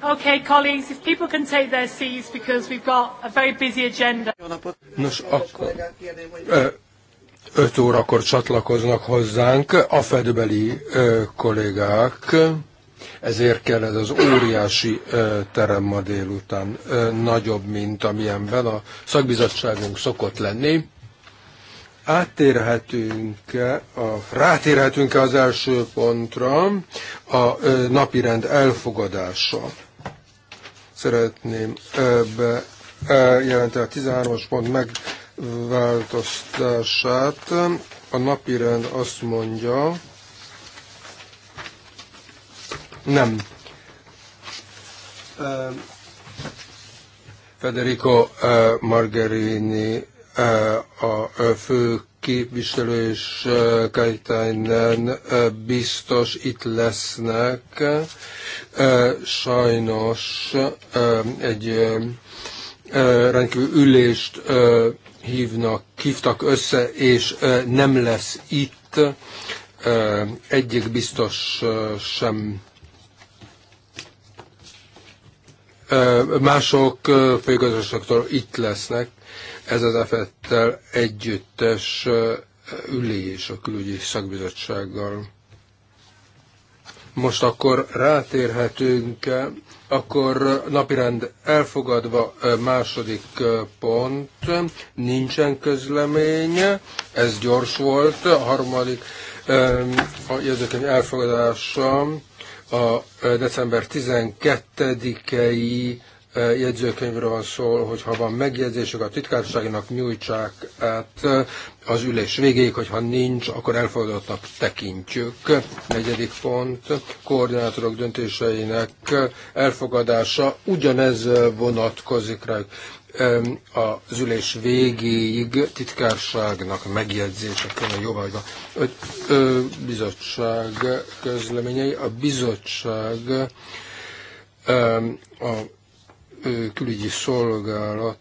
Okay, colleagues, if people can take their seats because we've got a very busy agenda. Nos, akkor 5 órakor csatlakoznak hozzánk a fedbeli kollégák, ezért kell ez az óriási terem ma délután nagyobb, mint amilyenben a szakbizottságunk szokott lenni. átérhetünk -e, a, rátérhetünk -e az első pontra, a napirend elfogadása. Szeretném be jelenteni a 13-as pont megváltoztását. A napi rend azt mondja, nem. Federico Margherini a fő képviselő és Kajtájnen biztos itt lesznek. Sajnos egy rendkívül ülést hívnak, hívtak össze, és nem lesz itt. Egyik biztos sem mások főgazdaságtól itt lesznek, ez az effettel együttes ülés a külügyi szakbizottsággal. Most akkor rátérhetünk, akkor napirend elfogadva második pont, nincsen közlemény, ez gyors volt, a harmadik a jegyzőkönyv elfogadása a december 12-i jegyzőkönyvről szó, hogy ha van megjegyzésük, a titkárságnak nyújtsák át az ülés végéig, hogyha nincs, akkor elfogadottnak tekintjük. Negyedik pont, koordinátorok döntéseinek elfogadása ugyanez vonatkozik rájuk az ülés végéig titkárságnak megjegyzések a jóvágyba. A bizottság közleményei, a bizottság a külügyi szolgálat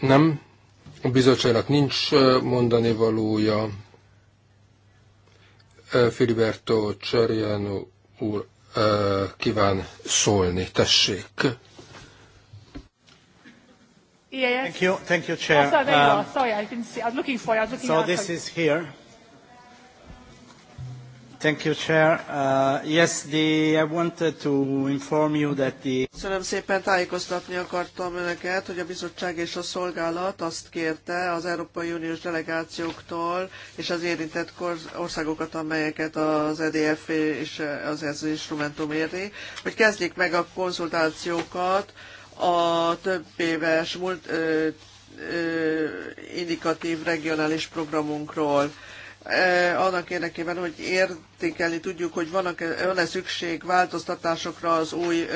nem, a bizottságnak nincs mondani valója. Filiberto Csariano úr kíván szólni. Tessék. Yes. Thank you, thank you, Chair. Oh, sorry, there you um, are. Sorry, I didn't see. I was looking for you. I was looking so this is here. Thank you, Chair. Uh, yes, the, I wanted to inform you that the... Köszönöm szépen, tájékoztatni akartam önöket, hogy a bizottság és a szolgálat azt kérte az Európai Uniós delegációktól és az érintett országokat, amelyeket az EDF és az ez instrumentum érni, hogy kezdjék meg a konzultációkat a több éves múlt, ö, ö, indikatív regionális programunkról E, annak érdekében, hogy értékelni tudjuk, hogy van-e szükség változtatásokra az új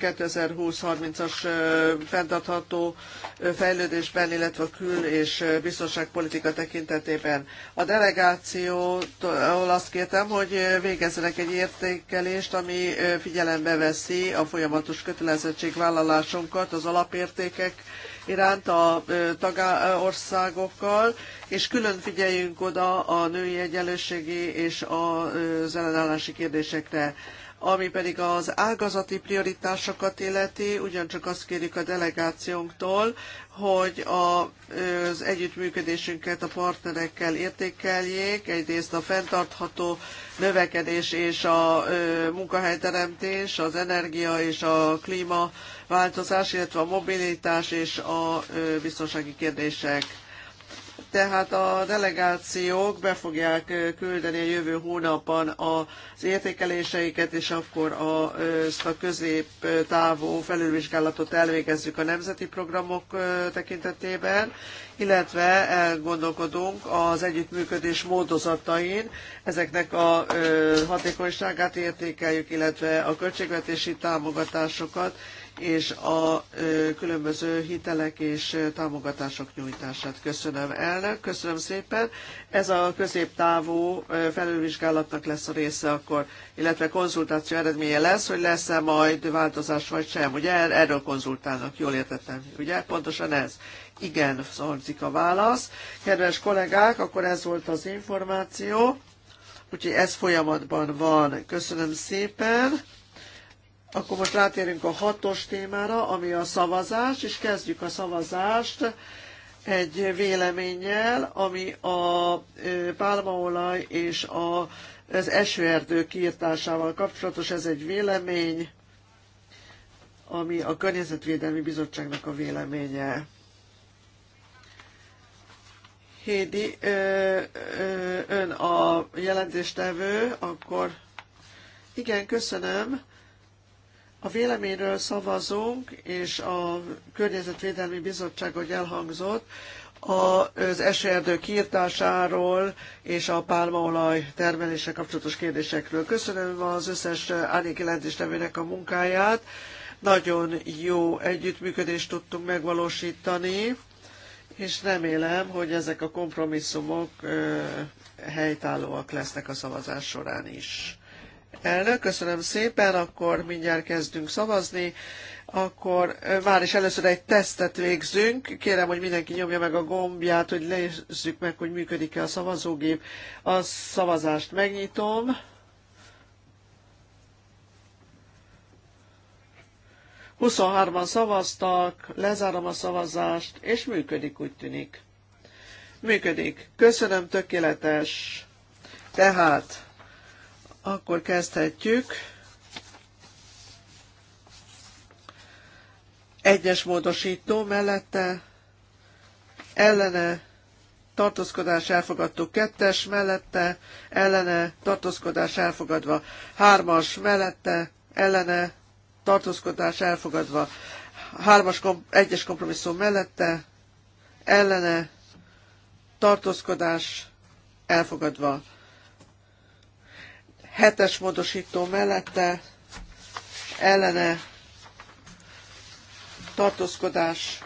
2020-30-as e, e, fenntartható fejlődésben, illetve a kül- és biztonságpolitika tekintetében. A delegációtól azt kértem, hogy végezzenek egy értékelést, ami figyelembe veszi a folyamatos kötelezettségvállalásunkat, az alapértékek, iránt a tagországokkal, és külön figyeljünk oda a női egyenlőségi és az ellenállási kérdésekre. Ami pedig az ágazati prioritásokat illeti, ugyancsak azt kérjük a delegációnktól, hogy a, az együttműködésünket a partnerekkel értékeljék, egyrészt a fenntartható növekedés és a munkahelyteremtés, az energia és a klímaváltozás, illetve a mobilitás és a biztonsági kérdések tehát a delegációk be fogják küldeni a jövő hónapban az értékeléseiket, és akkor a, ezt a középtávú felülvizsgálatot elvégezzük a nemzeti programok tekintetében, illetve elgondolkodunk az együttműködés módozatain, ezeknek a hatékonyságát értékeljük, illetve a költségvetési támogatásokat, és a különböző hitelek és támogatások nyújtását. Köszönöm elnök, köszönöm szépen. Ez a középtávú felülvizsgálatnak lesz a része akkor, illetve konzultáció eredménye lesz, hogy lesz-e majd változás vagy sem. Ugye er, erről konzultálnak, jól értettem, ugye? Pontosan ez. Igen, szorzik a válasz. Kedves kollégák, akkor ez volt az információ. Úgyhogy ez folyamatban van. Köszönöm szépen. Akkor most rátérünk a hatos témára, ami a szavazás, és kezdjük a szavazást egy véleménnyel, ami a pálmaolaj és a, az esőerdő kiirtásával kapcsolatos. Ez egy vélemény, ami a Környezetvédelmi Bizottságnak a véleménye. Hédi, ö, ö, ön a jelentéstevő, akkor igen, köszönöm. A véleményről szavazunk, és a Környezetvédelmi Bizottság, hogy elhangzott, az esőerdő kiirtásáról és a pálmaolaj termelése kapcsolatos kérdésekről. Köszönöm az összes árnyék jelentéstevőnek a munkáját. Nagyon jó együttműködést tudtunk megvalósítani, és remélem, hogy ezek a kompromisszumok helytállóak lesznek a szavazás során is. Elnök, köszönöm szépen, akkor mindjárt kezdünk szavazni. Akkor már is először egy tesztet végzünk. Kérem, hogy mindenki nyomja meg a gombját, hogy nézzük meg, hogy működik-e a szavazógép. A szavazást megnyitom. Huszonhárman szavaztak, lezárom a szavazást, és működik, úgy tűnik. Működik. Köszönöm, tökéletes. Tehát akkor kezdhetjük. Egyes módosító mellette ellene tartózkodás elfogadtuk, kettes mellette, ellene, tartózkodás elfogadva, hármas mellette, ellene, tartózkodás elfogadva, hármas kom- egyes kompromisszum mellette, ellene, tartózkodás elfogadva, Hetes módosító mellette ellene tartózkodás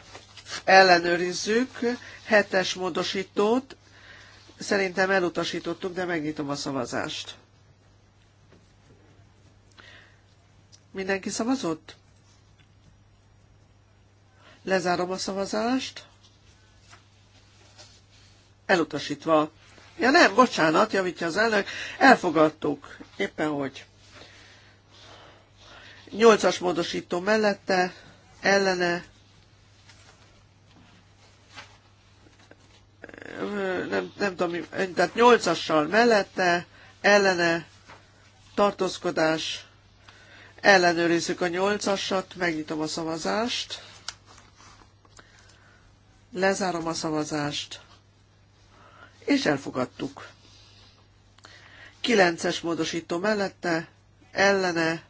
ellenőrizzük. Hetes módosítót szerintem elutasítottuk, de megnyitom a szavazást. Mindenki szavazott? Lezárom a szavazást. Elutasítva. Ja nem, bocsánat, javítja az elnök, elfogadtuk, éppen hogy. Nyolcas módosító mellette, ellene, nem, nem tudom, tehát nyolcassal mellette, ellene, tartózkodás, ellenőrizzük a nyolcasat, megnyitom a szavazást, lezárom a szavazást, és elfogadtuk. Kilences módosító mellette, ellene,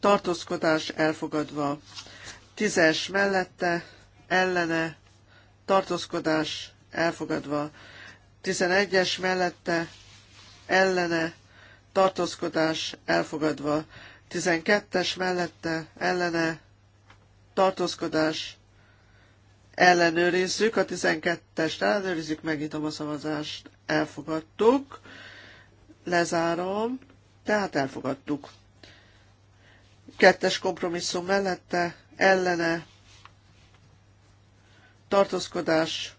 tartózkodás elfogadva. Tízes mellette, ellene, tartózkodás elfogadva. Tizenegyes mellette, ellene, tartózkodás elfogadva. Tizenkettes mellette, ellene, tartózkodás ellenőrizzük, a 12-est ellenőrizzük, megnyitom a szavazást, elfogadtuk, lezárom, tehát elfogadtuk. Kettes kompromisszum mellette, ellene, tartózkodás,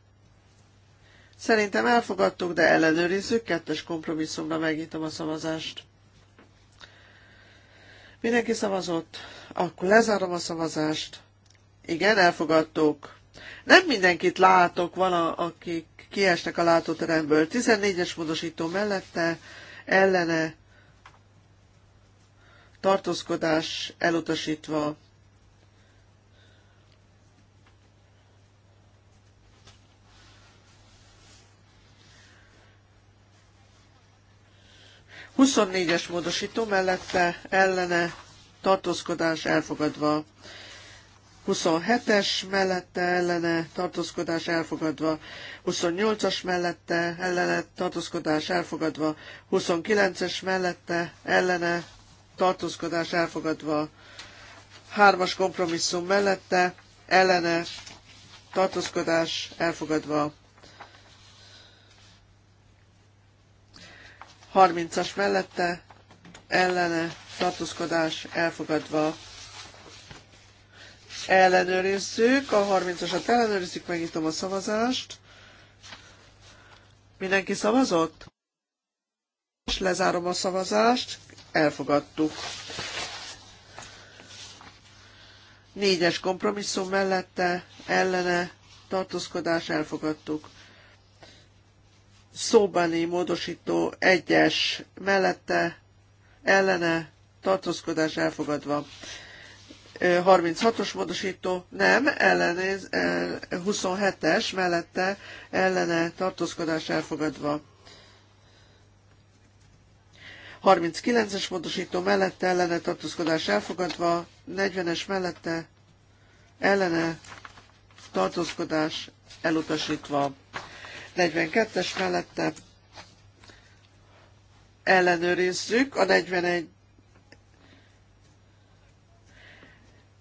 Szerintem elfogadtuk, de ellenőrizzük, kettes kompromisszumra megnyitom a szavazást. Mindenki szavazott? Akkor lezárom a szavazást. Igen, elfogadtuk. Nem mindenkit látok, van a, akik kiesnek a látóteremből. 14-es módosító mellette, ellene, tartózkodás elutasítva. Huszonnégyes módosító mellette ellene tartózkodás elfogadva. 27-es mellette ellene tartózkodás elfogadva, 28-as mellette ellene tartózkodás elfogadva, 29-es mellette ellene tartózkodás elfogadva, 3-as kompromisszum mellette ellene tartózkodás elfogadva. 30-as mellette ellene tartózkodás elfogadva ellenőrizzük, a 30-asat ellenőrizzük, megnyitom a szavazást. Mindenki szavazott? Most lezárom a szavazást, elfogadtuk. Négyes kompromisszum mellette, ellene, tartózkodás, elfogadtuk. Szóbani módosító egyes mellette, ellene, tartózkodás elfogadva. 36-os módosító nem, ellenéz, 27-es mellette ellene tartózkodás elfogadva. 39-es módosító mellette ellene tartózkodás elfogadva, 40-es mellette ellene tartózkodás elutasítva, 42-es mellette ellenőrizzük a 41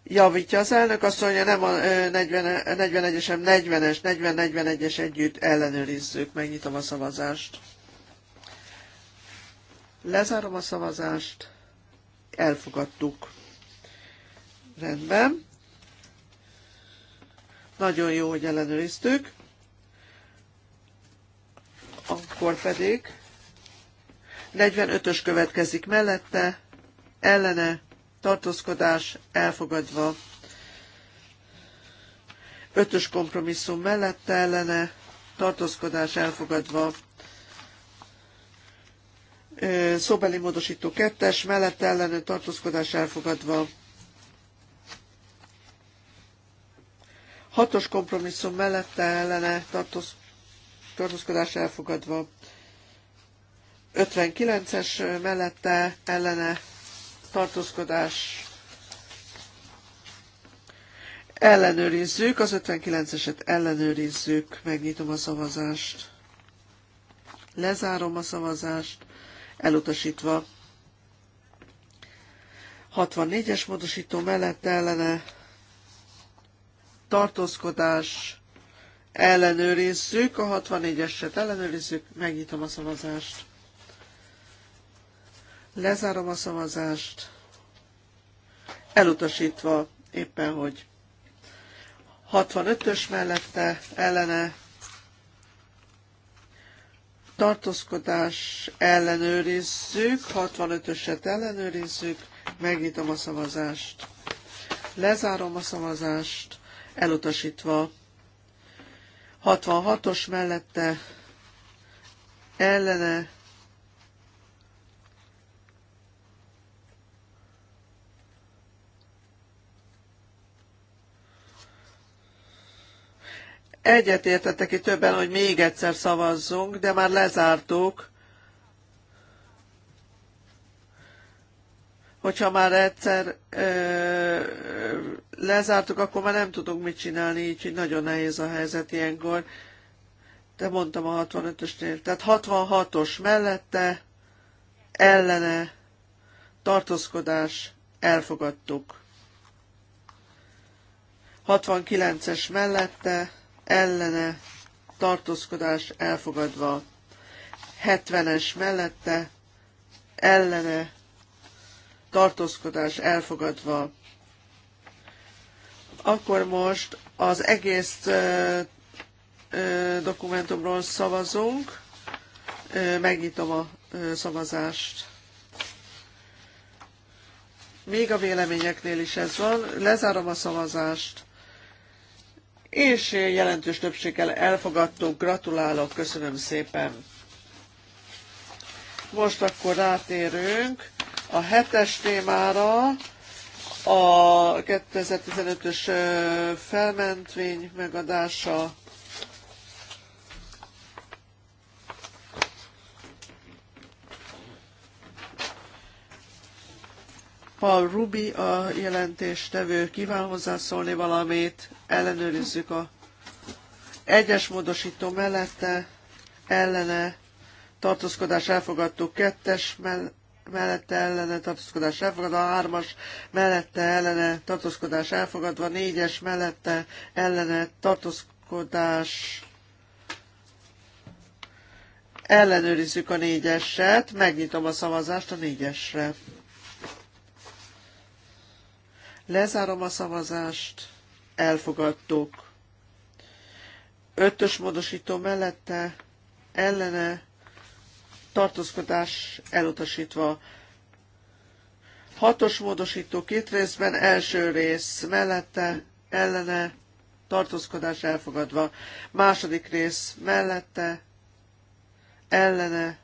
Javítja az elnök azt mondja, nem a 40, 41-es, hanem 40-es, 40-41-es együtt ellenőrizzük. Megnyitom a szavazást. Lezárom a szavazást. Elfogadtuk. Rendben. Nagyon jó, hogy ellenőriztük. Akkor pedig 45-ös következik mellette, ellene, tartózkodás elfogadva. Ötös kompromisszum mellette ellene tartózkodás elfogadva. Szóbeli módosító kettes mellette ellene tartózkodás elfogadva. Hatos kompromisszum mellette ellene tartózkodás elfogadva. 59-es mellette ellene tartózkodás. Ellenőrizzük, az 59-eset ellenőrizzük, megnyitom a szavazást. Lezárom a szavazást, elutasítva. 64-es módosító mellett ellene tartózkodás ellenőrizzük, a 64-eset ellenőrizzük, megnyitom a szavazást. Lezárom a szavazást. Elutasítva éppen, hogy 65-ös mellette ellene tartózkodás ellenőrizzük, 65-öset ellenőrizzük, megnyitom a szavazást. Lezárom a szavazást, elutasítva. 66-os mellette ellene Egyetértettek itt többen, hogy még egyszer szavazzunk, de már lezártuk. Hogyha már egyszer ö, lezártuk, akkor már nem tudunk mit csinálni, így nagyon nehéz a helyzet ilyenkor. De mondtam a 65-ösnél. Tehát 66-os mellette, ellene, tartózkodás, elfogadtuk. 69-es mellette, ellene tartózkodás elfogadva. 70-es mellette ellene tartózkodás elfogadva. Akkor most az egész ö, ö, dokumentumról szavazunk. Ö, megnyitom a ö, szavazást. Még a véleményeknél is ez van. Lezárom a szavazást és jelentős többséggel elfogadtuk. Gratulálok, köszönöm szépen! Most akkor rátérünk a hetes témára, a 2015-ös felmentvény megadása, Paul Rubi a jelentéstevő kíván hozzászólni valamit ellenőrizzük a egyes módosító mellette, ellene tartózkodás elfogadtuk, kettes mellette ellene tartózkodás elfogadva, hármas mellette ellene tartózkodás elfogadva, négyes mellette ellene tartózkodás ellenőrizzük a négyeset, megnyitom a szavazást a négyesre. Lezárom a szavazást elfogadtuk. Ötös módosító mellette ellene tartózkodás elutasítva. Hatos módosító két részben, első rész mellette ellene tartózkodás elfogadva. Második rész mellette ellene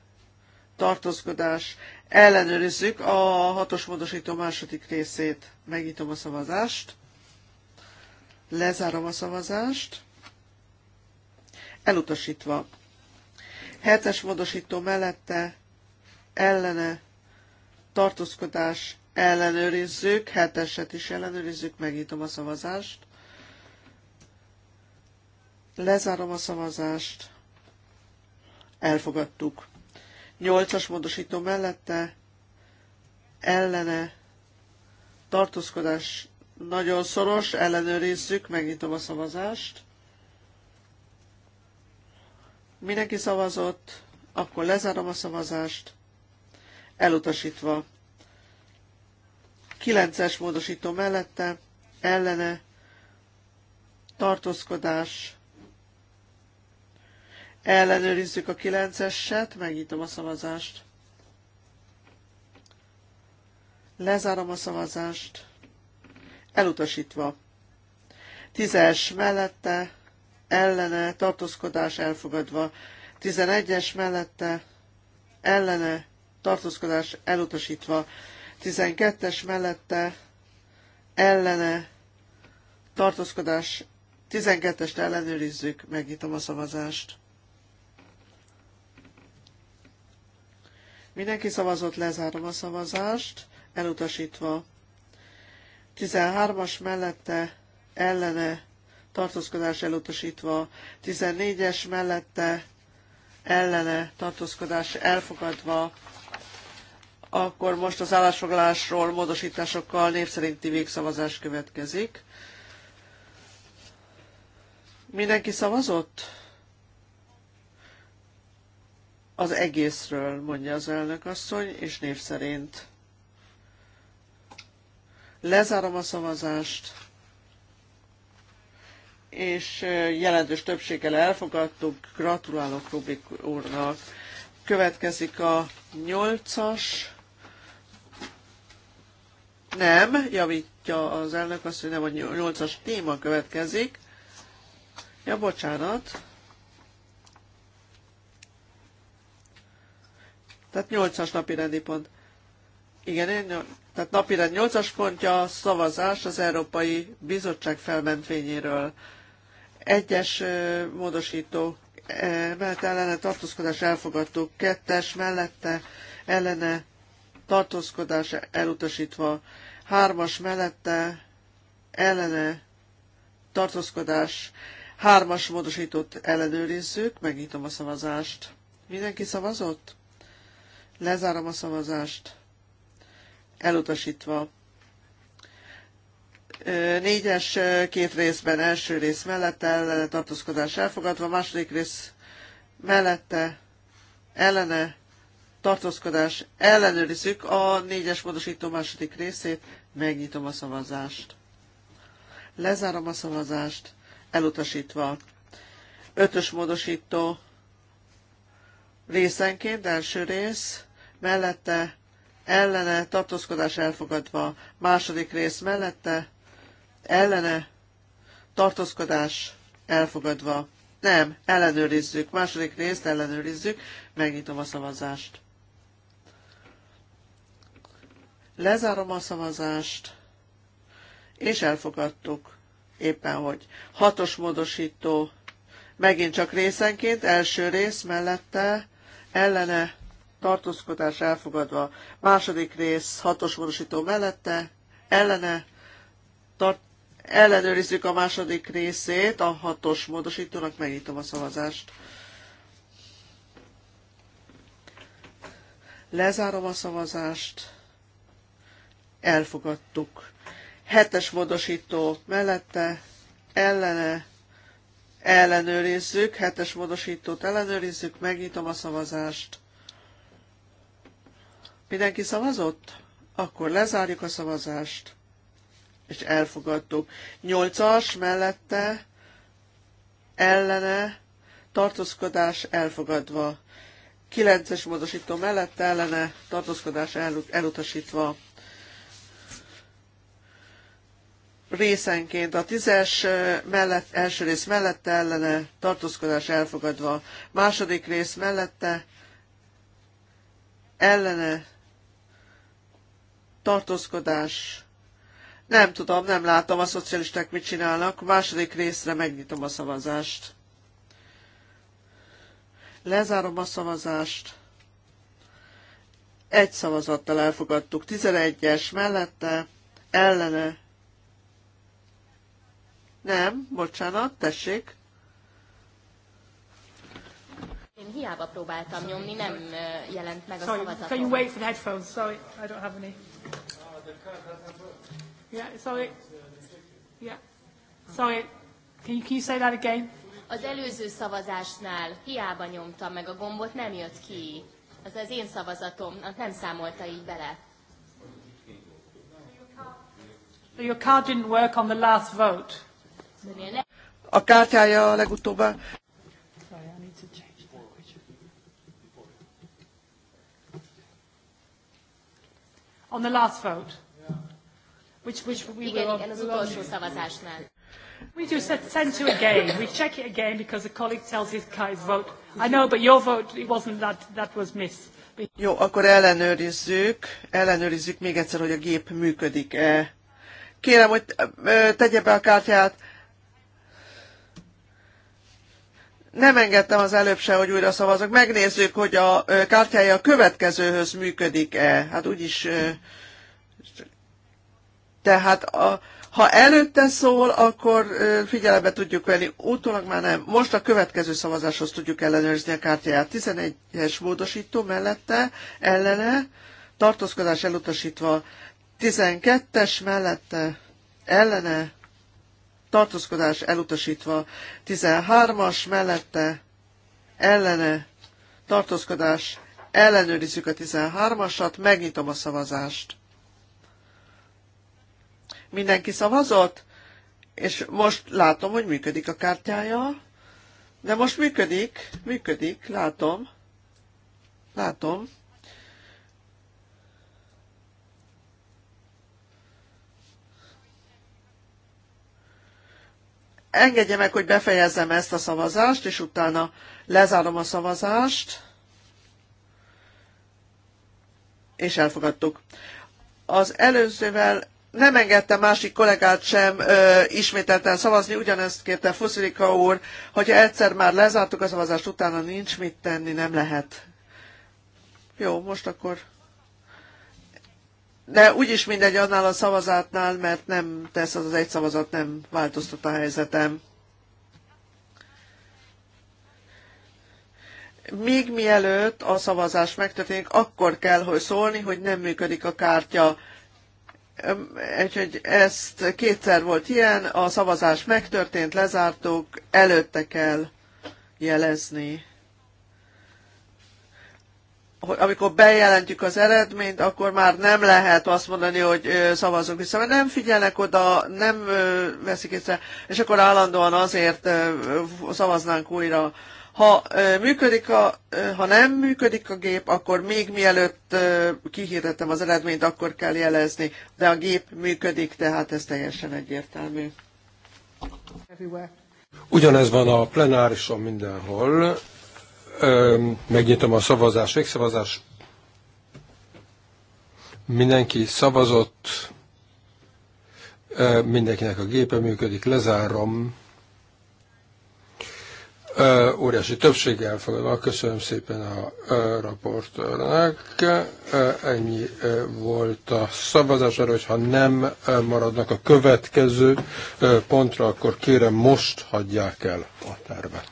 tartózkodás. Ellenőrizzük a hatos módosító második részét. Megnyitom a szavazást. Lezárom a szavazást. Elutasítva. Hetes módosító mellette ellene tartózkodás ellenőrizzük, heteset is ellenőrizzük, megnyitom a szavazást. Lezárom a szavazást. Elfogadtuk. Nyolcas módosító mellette ellene tartózkodás nagyon szoros, ellenőrizzük, megnyitom a szavazást. Mindenki szavazott, akkor lezárom a szavazást. Elutasítva. 9-es módosító mellette, ellene, tartózkodás. Ellenőrizzük a 9-eset, megnyitom a szavazást. Lezárom a szavazást elutasítva. Tízes mellette, ellene, tartózkodás elfogadva. Tizenegyes mellette, ellene, tartózkodás elutasítva. Tizenkettes mellette, ellene, tartózkodás tizenkettest ellenőrizzük, megnyitom a szavazást. Mindenki szavazott, lezárom a szavazást, elutasítva. 13-as mellette ellene tartózkodás elutasítva, 14-es mellette ellene tartózkodás elfogadva, akkor most az állásfoglalásról módosításokkal népszerinti végszavazás következik. Mindenki szavazott? Az egészről, mondja az elnök asszony, és név szerint. Lezárom a szavazást, és jelentős többséggel elfogadtuk. Gratulálok Rubik úrnak. Következik a nyolcas. Nem, javítja az elnök azt, hogy nem a nyolcas téma következik. Ja, bocsánat. Tehát nyolcas napi rendi pont. Igen, én tehát napirend 8-as pontja szavazás az Európai Bizottság felmentvényéről. Egyes módosító mellett ellene tartózkodás elfogadtuk, kettes mellette ellene tartózkodás elutasítva, hármas mellette ellene tartózkodás, hármas módosítót ellenőrizzük, megnyitom a szavazást. Mindenki szavazott? Lezárom a szavazást elutasítva. Négyes két részben első rész mellette ellene tartózkodás elfogadva, második rész mellette ellene tartózkodás ellenőrizzük a négyes módosító második részét, megnyitom a szavazást. Lezárom a szavazást, elutasítva. Ötös módosító részenként, első rész, mellette ellene tartózkodás elfogadva. Második rész mellette ellene tartózkodás elfogadva. Nem, ellenőrizzük. Második részt ellenőrizzük. Megnyitom a szavazást. Lezárom a szavazást, és elfogadtuk. Éppen hogy. Hatos módosító. Megint csak részenként, első rész mellette, ellene tartózkodás elfogadva. Második rész, hatos módosító mellette, ellene, tart, ellenőrizzük a második részét, a hatos módosítónak megnyitom a szavazást. Lezárom a szavazást. Elfogadtuk. Hetes módosító mellette, ellene, ellenőrizzük, hetes módosítót ellenőrizzük, megnyitom a szavazást. Mindenki szavazott? Akkor lezárjuk a szavazást. És elfogadtuk. Nyolcas mellette ellene tartózkodás elfogadva. Kilences módosító mellette ellene tartózkodás el, elutasítva. Részenként a tízes eh, mellett, első rész mellette ellene tartózkodás elfogadva. Második rész mellette ellene tartózkodás. Nem tudom, nem látom, a szocialisták mit csinálnak. A második részre megnyitom a szavazást. Lezárom a szavazást. Egy szavazattal elfogadtuk. 11-es mellette, ellene. Nem, bocsánat, tessék. hiába próbáltam nyomni, nem jelent meg a sorry, szavazatom. Can you wait for the headphones? Sorry, I don't have any. Yeah, sorry. Yeah. Sorry. Can you, can you say that again? Az előző szavazásnál hiába nyomtam meg a gombot, nem jött ki. Az az én szavazatom, nem számolta így bele. Your card didn't work on the last vote. Szóval a kártyája a legutóbb On the last vote. Which, which we Igen, will, igen, az utolsó szavazásnál. We do send to again. We check it again because the colleague tells his guy's vote. I know, but your vote, it wasn't that, that was missed. Jó, akkor ellenőrizzük, ellenőrizzük még egyszer, hogy a gép működik-e. Kérem, hogy tegye be a kártyát. nem engedtem az előbb se, hogy újra szavazok. Megnézzük, hogy a kártyája a következőhöz működik-e. Hát úgyis... Tehát a, ha előtte szól, akkor figyelembe tudjuk venni. Útólag már nem. Most a következő szavazáshoz tudjuk ellenőrizni a kártyáját. 11-es módosító mellette, ellene, tartózkodás elutasítva. 12-es mellette, ellene, tartózkodás elutasítva. 13-as mellette ellene tartózkodás ellenőrizzük a 13-asat, megnyitom a szavazást. Mindenki szavazott, és most látom, hogy működik a kártyája, de most működik, működik, látom, látom. Engedje meg, hogy befejezzem ezt a szavazást, és utána lezárom a szavazást. És elfogadtuk. Az előzővel nem engedte másik kollégát sem ö, ismételten szavazni, ugyanezt kérte Fuszilika úr, hogyha egyszer már lezártuk a szavazást, utána nincs mit tenni, nem lehet. Jó, most akkor de úgyis mindegy annál a szavazatnál, mert nem tesz az, az egy szavazat, nem változtat a helyzetem. Még mielőtt a szavazás megtörténik, akkor kell, hogy szólni, hogy nem működik a kártya. Úgyhogy ezt kétszer volt ilyen, a szavazás megtörtént, lezártuk, előtte kell jelezni amikor bejelentjük az eredményt, akkor már nem lehet azt mondani, hogy szavazunk vissza, mert nem figyelnek oda, nem veszik észre, és akkor állandóan azért szavaznánk újra. Ha működik a, ha nem működik a gép, akkor még mielőtt kihirdetem az eredményt, akkor kell jelezni, de a gép működik, tehát ez teljesen egyértelmű. Ugyanez van a plenárison mindenhol, megnyitom a szavazás, végszavazás. Mindenki szavazott, mindenkinek a gépe működik, lezárom. Óriási többség elfogadva, köszönöm szépen a raportőrnek. Ennyi volt a szavazás, arra, hogyha nem maradnak a következő pontra, akkor kérem most hagyják el a tervet.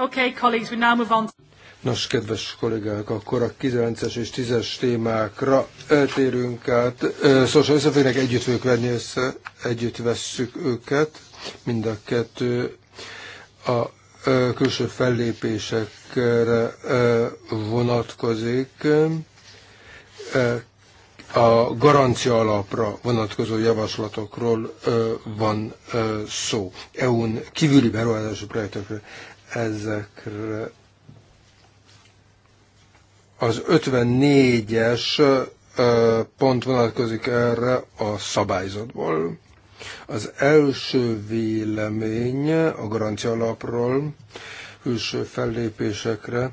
Okay, colleagues, we now move on. Nos, kedves kollégák, akkor a 9-es és 10-es témákra eltérünk át. Szóval össze fognak együtt fogjuk venni össze, együtt vesszük őket, mind a kettő a külső fellépésekre vonatkozik, a garancia alapra vonatkozó javaslatokról van szó, EU-n kívüli beruházási projektekről ezekre az 54-es pont vonatkozik erre a szabályzatból. Az első vélemény a garancia alapról, külső fellépésekre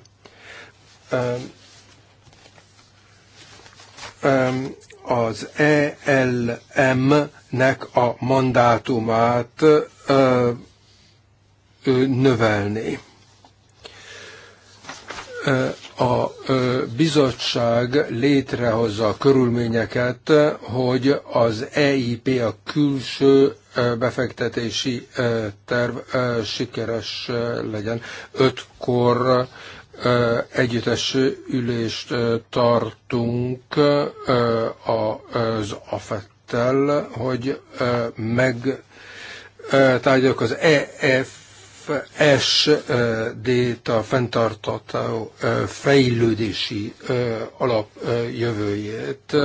az ELM-nek a mandátumát növelni. A bizottság létrehozza a körülményeket, hogy az EIP, a külső befektetési terv sikeres legyen. Ötkor együttes ülést tartunk az AFET-tel, hogy meg tárgyalok az EF FSD-t, a fenntartott fejlődési alap jövőjét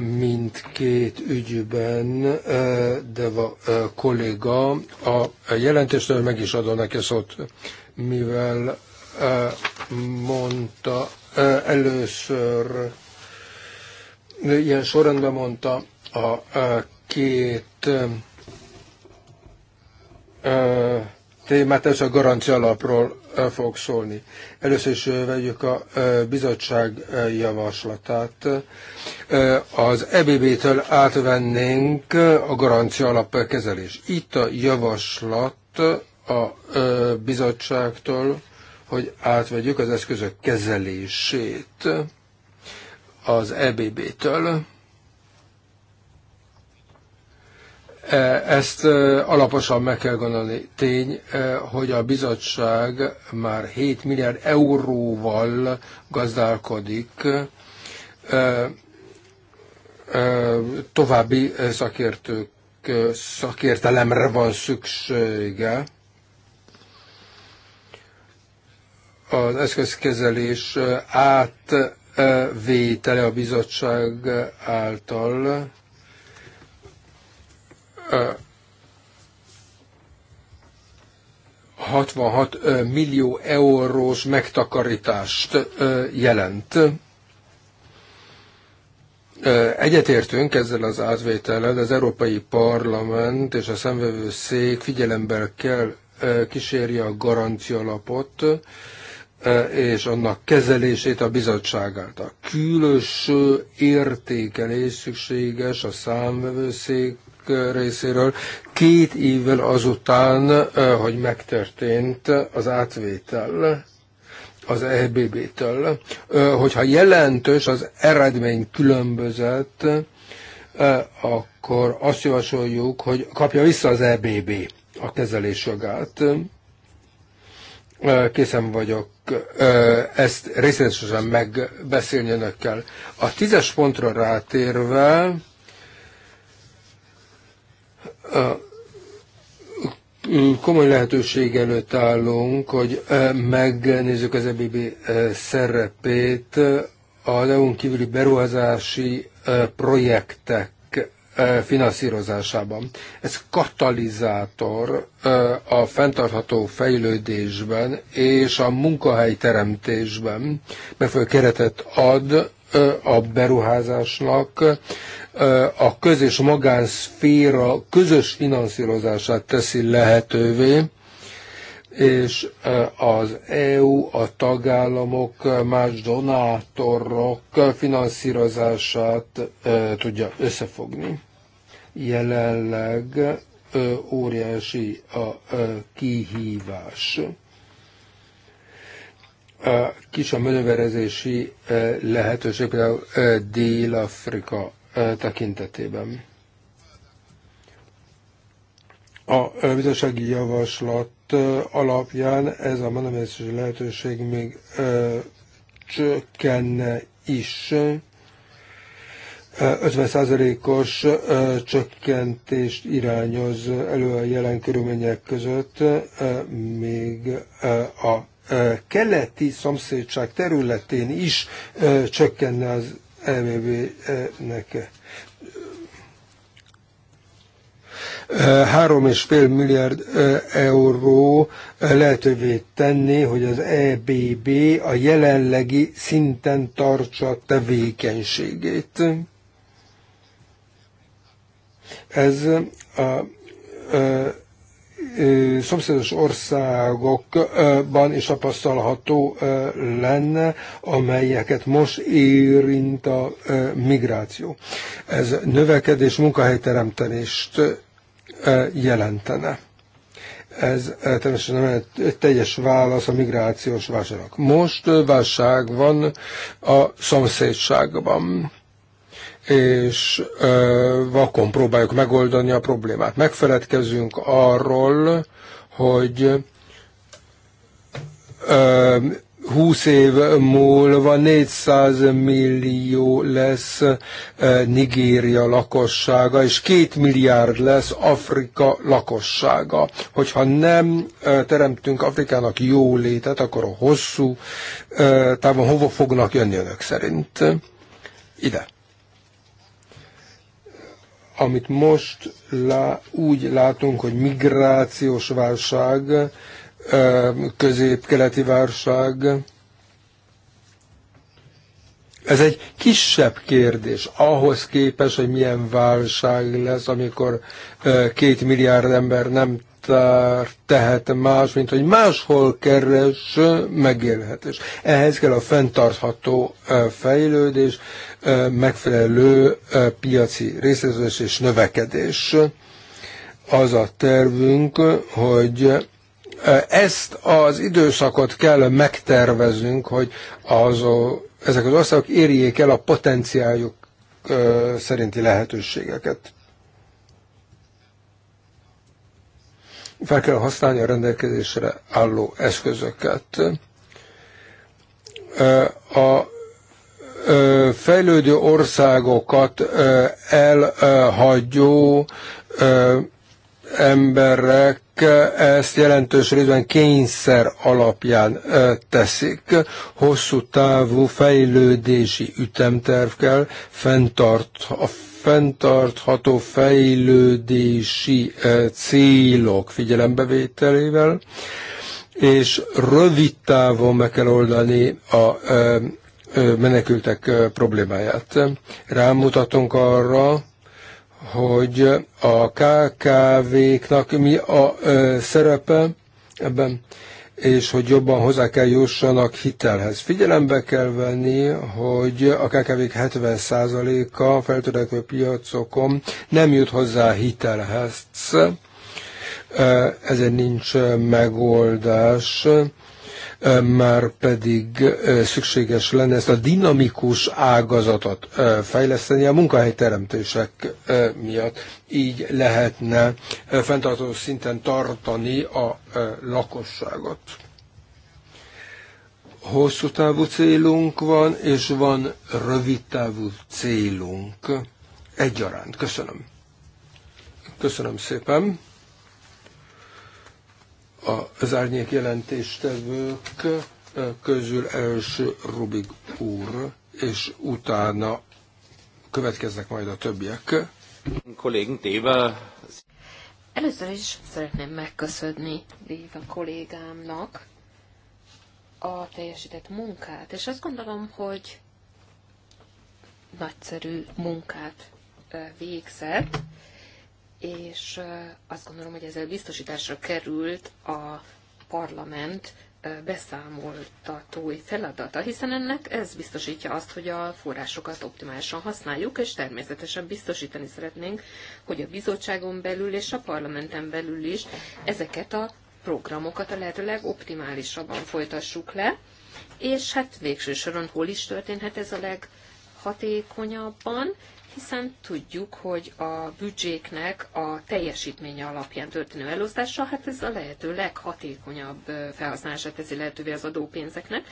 mindkét ügyben de a kolléga a jelentéstől meg is adom neki szót, mivel mondta először, ilyen sorrendben mondta a két témát, először a garancia alapról fog szólni. Először is vegyük a bizottság javaslatát. Az EBB-től átvennénk a garancia alap kezelés. Itt a javaslat a bizottságtól, hogy átvegyük az eszközök kezelését az EBB-től E, ezt e, alaposan meg kell gondolni. Tény, e, hogy a bizottság már 7 milliárd euróval gazdálkodik további szakértők szakértelemre van szüksége. Az eszközkezelés átvétele a bizottság által 66 millió eurós megtakarítást jelent. Egyetértünk ezzel az átvétellel, az Európai Parlament és a szék figyelembe kell kísérje a garancialapot és annak kezelését a bizottság által. Külső értékelés szükséges a számvevőszék részéről két évvel azután, hogy megtörtént az átvétel az EBB-től, hogyha jelentős az eredmény különbözet, akkor azt javasoljuk, hogy kapja vissza az EBB a kezelés jogát. Készen vagyok ezt részletesen megbeszélni önökkel. A tízes pontra rátérve, Mm, komoly lehetőség előtt állunk, hogy e, megnézzük az EBB e, szerepét a EU-n kívüli beruházási e, projektek finanszírozásában. Ez katalizátor a fenntartható fejlődésben és a munkahelyteremtésben megfelelő keretet ad a beruházásnak a köz- és magánszféra közös finanszírozását teszi lehetővé, és az EU, a tagállamok, más donátorok finanszírozását tudja összefogni. Jelenleg óriási a kihívás kis a manőverezési e, lehetőség, például e, Dél-Afrika e, tekintetében. A bizottsági javaslat alapján ez a manőverezési lehetőség még csökkenne is. 50%-os csökkentést irányoz elő a jelen körülmények között, még a keleti szomszédság területén is csökkenne az LBB-nek. Három és fél milliárd euró lehetővé tenni, hogy az EBB a jelenlegi szinten tartsa tevékenységét. Ez a, a szomszédos országokban is tapasztalható lenne, amelyeket most érint a migráció. Ez növekedés, munkahelyteremtést jelentene. Ez természetesen nem egy teljes válasz a migrációs válságnak. Most válság van a szomszédságban és vakon próbáljuk megoldani a problémát. Megfeledkezünk arról, hogy 20 év múlva 400 millió lesz Nigéria lakossága, és 2 milliárd lesz Afrika lakossága. Hogyha nem teremtünk Afrikának jó létet, akkor a hosszú távon hova fognak jönni önök szerint? Ide. Amit most lá, úgy látunk, hogy migrációs válság, közép-keleti válság, ez egy kisebb kérdés ahhoz képest, hogy milyen válság lesz, amikor két milliárd ember nem határ tehet más, mint hogy máshol keres megélhetés. Ehhez kell a fenntartható fejlődés, megfelelő piaci részletes és növekedés. Az a tervünk, hogy ezt az időszakot kell megterveznünk, hogy az, ezek az országok érjék el a potenciáljuk szerinti lehetőségeket. fel kell használni a rendelkezésre álló eszközöket. A fejlődő országokat elhagyó emberek ezt jelentős részben kényszer alapján teszik. Hosszú távú fejlődési ütemterv kell, fenntart, a fenntartható fejlődési eh, célok figyelembevételével, és rövid távon meg kell oldani a eh, eh, menekültek problémáját. Rámutatunk arra, hogy a KKV-knak mi a szerepe ebben és hogy jobban hozzá kell jussanak hitelhez. Figyelembe kell venni, hogy a kkv 70%-a feltörekvő piacokon nem jut hozzá hitelhez. Ezért nincs megoldás már pedig szükséges lenne ezt a dinamikus ágazatot fejleszteni a munkahelyteremtések miatt. Így lehetne fenntartó szinten tartani a lakosságot. Hosszú távú célunk van, és van rövid távú célunk egyaránt. Köszönöm. Köszönöm szépen az árnyék jelentéstevők közül első Rubik úr, és utána következnek majd a többiek. Kollégunk Déva. Először is szeretném megköszönni Déva kollégámnak a teljesített munkát, és azt gondolom, hogy nagyszerű munkát végzett, és azt gondolom, hogy ezzel biztosításra került a parlament beszámoltatói feladata, hiszen ennek ez biztosítja azt, hogy a forrásokat optimálisan használjuk, és természetesen biztosítani szeretnénk, hogy a bizottságon belül és a parlamenten belül is ezeket a programokat a lehető legoptimálisabban folytassuk le, és hát végső soron hol is történhet ez a leghatékonyabban, hiszen tudjuk, hogy a büdzséknek a teljesítménye alapján történő elosztása, hát ez a lehető leghatékonyabb felhasználását teszi lehetővé az adópénzeknek,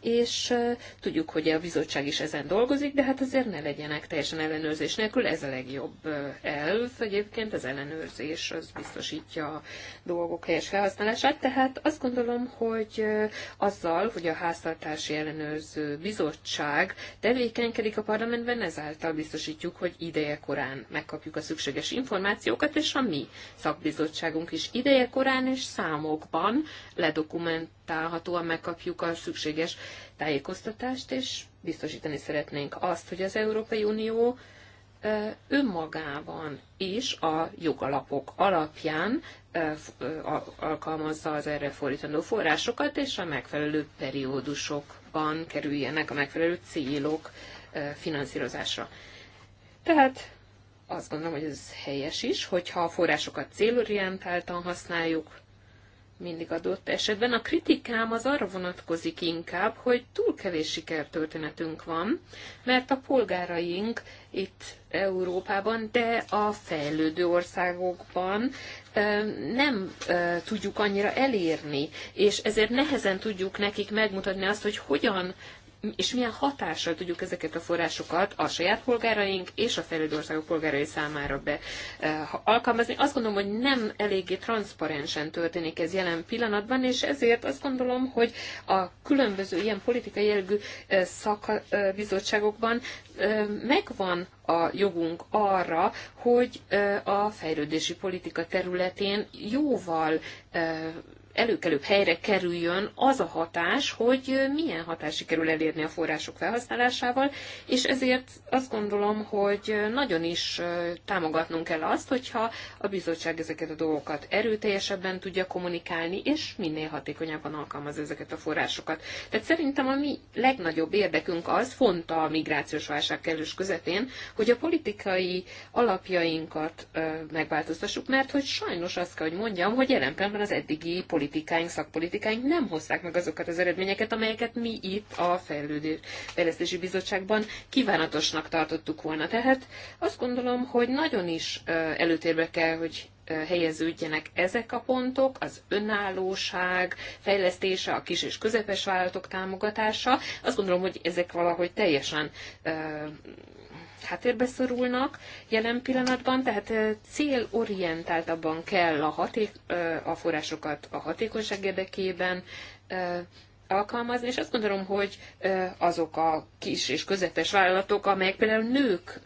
és tudjuk, hogy a bizottság is ezen dolgozik, de hát azért ne legyenek teljesen ellenőrzés nélkül, ez a legjobb elv egyébként, az ellenőrzés az biztosítja a dolgok helyes felhasználását, tehát azt gondolom, hogy azzal, hogy a háztartási ellenőrző bizottság tevékenykedik a parlamentben, ezáltal biztosítjuk, hogy idejekorán megkapjuk a szükséges információkat, és a mi szakbizottságunk is idejekorán és számokban ledokument megtalálhatóan megkapjuk a szükséges tájékoztatást, és biztosítani szeretnénk azt, hogy az Európai Unió önmagában is a jogalapok alapján alkalmazza az erre fordítandó forrásokat, és a megfelelő periódusokban kerüljenek a megfelelő célok finanszírozásra. Tehát azt gondolom, hogy ez helyes is, hogyha a forrásokat célorientáltan használjuk, mindig adott esetben. A kritikám az arra vonatkozik inkább, hogy túl kevés sikertörténetünk van, mert a polgáraink itt Európában, de a fejlődő országokban nem tudjuk annyira elérni, és ezért nehezen tudjuk nekik megmutatni azt, hogy hogyan és milyen hatással tudjuk ezeket a forrásokat a saját polgáraink és a fejlődő országok polgárai számára be eh, alkalmazni. Azt gondolom, hogy nem eléggé transzparensen történik ez jelen pillanatban, és ezért azt gondolom, hogy a különböző ilyen politikai jellegű eh, szakbizottságokban eh, megvan a jogunk arra, hogy a fejlődési politika területén jóval előkelőbb helyre kerüljön az a hatás, hogy milyen hatás sikerül elérni a források felhasználásával, és ezért azt gondolom, hogy nagyon is támogatnunk kell azt, hogyha a bizottság ezeket a dolgokat erőteljesebben tudja kommunikálni, és minél hatékonyabban alkalmaz ezeket a forrásokat. Tehát szerintem a mi legnagyobb érdekünk az, font a migrációs válság kellős közepén, hogy a politikai alapjainkat megváltoztassuk, mert hogy sajnos azt kell, hogy mondjam, hogy jelen pillanatban az eddigi politikai politikáink, szakpolitikáink nem hozták meg azokat az eredményeket, amelyeket mi itt a Fejlődő Fejlesztési Bizottságban kívánatosnak tartottuk volna. Tehát azt gondolom, hogy nagyon is előtérbe kell, hogy helyeződjenek ezek a pontok, az önállóság fejlesztése, a kis és közepes vállalatok támogatása. Azt gondolom, hogy ezek valahogy teljesen háttérbe szorulnak jelen pillanatban, tehát célorientáltabban kell a, haték, a forrásokat a hatékonyság érdekében alkalmazni, és azt gondolom, hogy azok a kis és közepes vállalatok, amelyek például nők,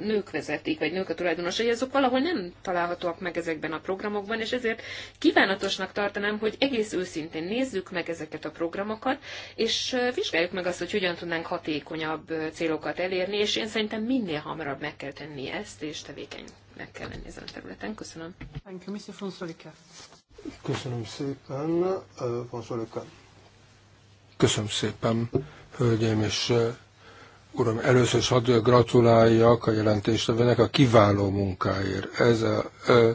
nők vezetik, vagy nők a tulajdonosai, azok valahol nem találhatóak meg ezekben a programokban, és ezért kívánatosnak tartanám, hogy egész őszintén nézzük meg ezeket a programokat, és vizsgáljuk meg azt, hogy hogyan tudnánk hatékonyabb célokat elérni, és én szerintem minél hamarabb meg kell tenni ezt, és tevékeny meg kell lenni ezen a területen. Köszönöm. Köszönöm szépen, Fonszolika. Köszönöm szépen, hölgyeim és uram. Először is hadd gratuláljak a jelentéstevenek a kiváló munkáért. Ez a ö,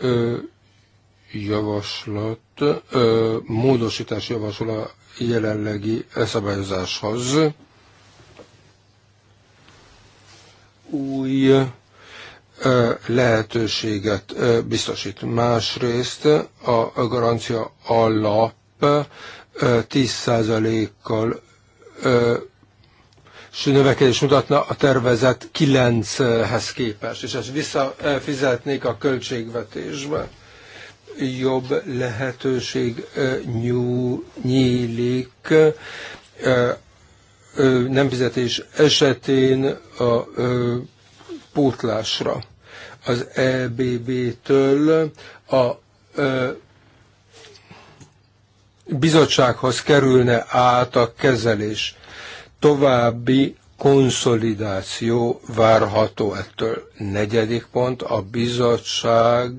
ö, javaslat, ö, módosítás javasol a jelenlegi szabályozáshoz. Új lehetőséget biztosít. Másrészt a garancia alap 10%-kal növekedés mutatna a tervezet 9-hez képest, és ezt visszafizetnék a költségvetésbe. Jobb lehetőség nyílik nem fizetés esetén a pótlásra az EBB-től a bizottsághoz kerülne át a kezelés. További konszolidáció várható ettől. Negyedik pont, a bizottság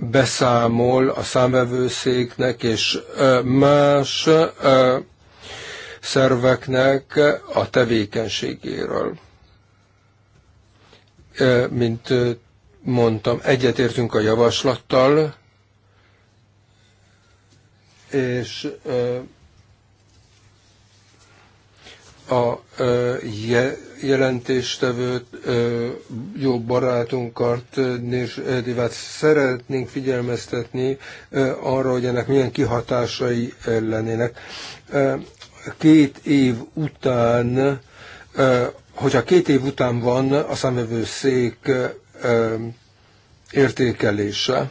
beszámol a számvevőszéknek és más szerveknek a tevékenységéről. mint mondtam, egyetértünk a javaslattal, és a jelentéstevőt, jó barátunkat, és Divát szeretnénk figyelmeztetni arra, hogy ennek milyen kihatásai lennének. Két év után, hogyha két év után van a számvevőszék értékelése.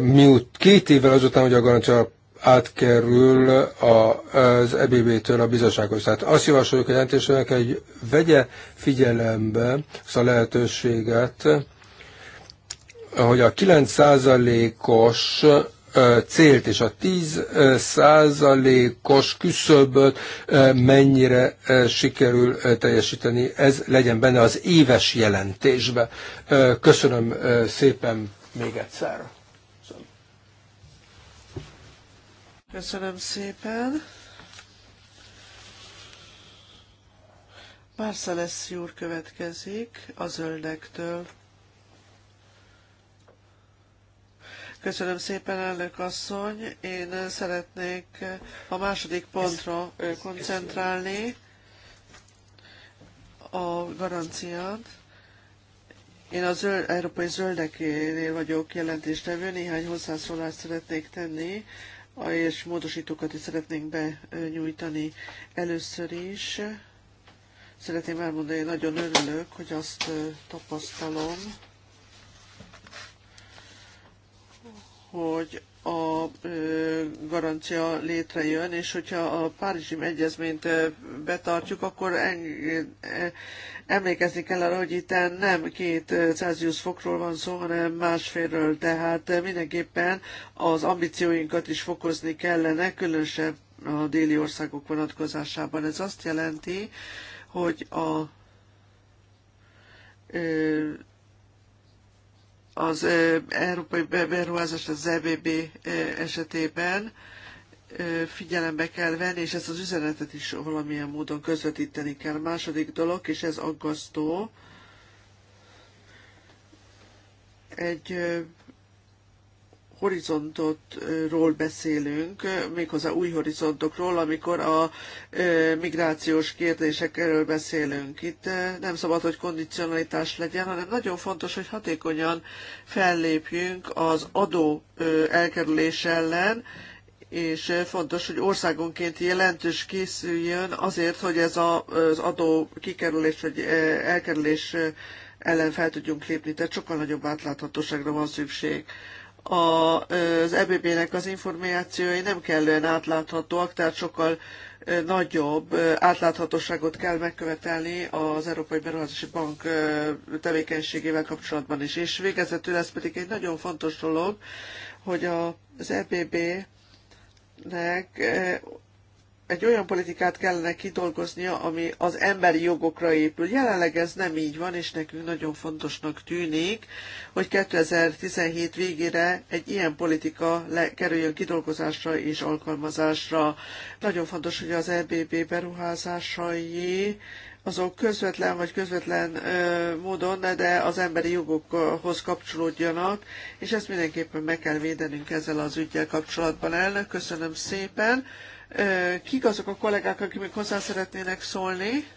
Miut két évvel azután, hogy a garancia átkerül az EBB-től a bizottsághoz. Tehát azt javasoljuk a jelentésének, hogy vegye figyelembe azt a lehetőséget, hogy a 9%-os célt és a 10 százalékos küszöböt mennyire sikerül teljesíteni. Ez legyen benne az éves jelentésbe. Köszönöm szépen még egyszer. Köszönöm szépen. Marcellesi úr következik a zöldektől. Köszönöm szépen, elnök asszony. Én szeretnék a második pontra koncentrálni a garanciát. Én az zöld, Európai Zöldekénél vagyok jelentéstevő, néhány hozzászólást szeretnék tenni, és módosítókat is szeretnénk benyújtani először is. Szeretném elmondani, nagyon örülök, hogy azt tapasztalom, hogy a garancia létrejön, és hogyha a Párizsi Egyezményt betartjuk, akkor emlékezni kell arra, hogy itt nem két Celsius fokról van szó, hanem másfélről, tehát mindenképpen az ambícióinkat is fokozni kellene, különösen a déli országok vonatkozásában. Ez azt jelenti, hogy a az Európai Beruházás, az EBB esetében figyelembe kell venni, és ezt az üzenetet is valamilyen módon közvetíteni kell. Második dolog, és ez aggasztó, egy horizontotról beszélünk, méghozzá új horizontokról, amikor a migrációs kérdésekről beszélünk. Itt nem szabad, hogy kondicionalitás legyen, hanem nagyon fontos, hogy hatékonyan fellépjünk az adó elkerülés ellen, és fontos, hogy országonként jelentős készüljön azért, hogy ez a, az adó kikerülés vagy elkerülés ellen fel tudjunk lépni, tehát sokkal nagyobb átláthatóságra van szükség az EBB-nek az információi nem kellően átláthatóak, tehát sokkal nagyobb átláthatóságot kell megkövetelni az Európai Beruházási Bank tevékenységével kapcsolatban is. És végezetül ez pedig egy nagyon fontos dolog, hogy az EBB nek egy olyan politikát kellene kidolgoznia, ami az emberi jogokra épül. Jelenleg ez nem így van, és nekünk nagyon fontosnak tűnik, hogy 2017 végére egy ilyen politika le, kerüljön kidolgozásra és alkalmazásra. Nagyon fontos, hogy az EBB beruházásai azok közvetlen vagy közvetlen ö, módon, de az emberi jogokhoz kapcsolódjanak, és ezt mindenképpen meg kell védenünk ezzel az ügyel kapcsolatban. Elnök, köszönöm szépen! Kik azok a kollégák, akik még hozzá szeretnének szólni?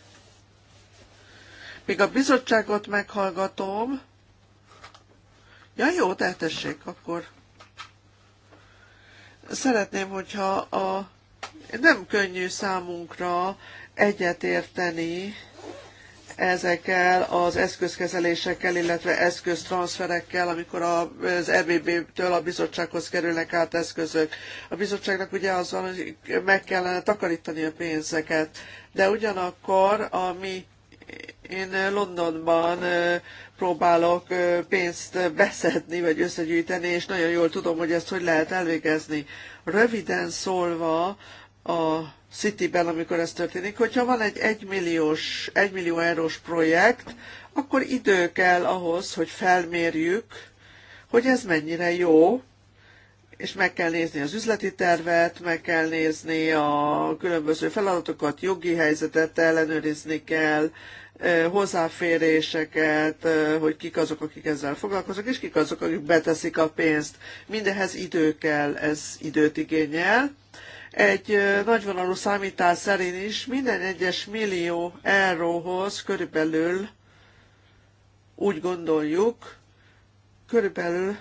Még a bizottságot meghallgatom. Ja, jó, tehetessék akkor. Szeretném, hogyha a... Nem könnyű számunkra egyetérteni ezekkel az eszközkezelésekkel, illetve eszköztranszferekkel, amikor az EBB-től a bizottsághoz kerülnek át eszközök. A bizottságnak ugye az van, hogy meg kellene takarítani a pénzeket, de ugyanakkor a mi én Londonban próbálok pénzt beszedni, vagy összegyűjteni, és nagyon jól tudom, hogy ezt hogy lehet elvégezni. Röviden szólva, a Cityben, amikor ez történik, hogyha van egy 1 milliós, 1 millió eurós projekt, akkor idő kell ahhoz, hogy felmérjük, hogy ez mennyire jó, és meg kell nézni az üzleti tervet, meg kell nézni a különböző feladatokat, jogi helyzetet ellenőrizni kell, hozzáféréseket, hogy kik azok, akik ezzel foglalkoznak, és kik azok, akik beteszik a pénzt. Mindehez idő kell, ez időt igényel. Egy nagyvonalú számítás szerint is minden egyes millió euróhoz körülbelül úgy gondoljuk, körülbelül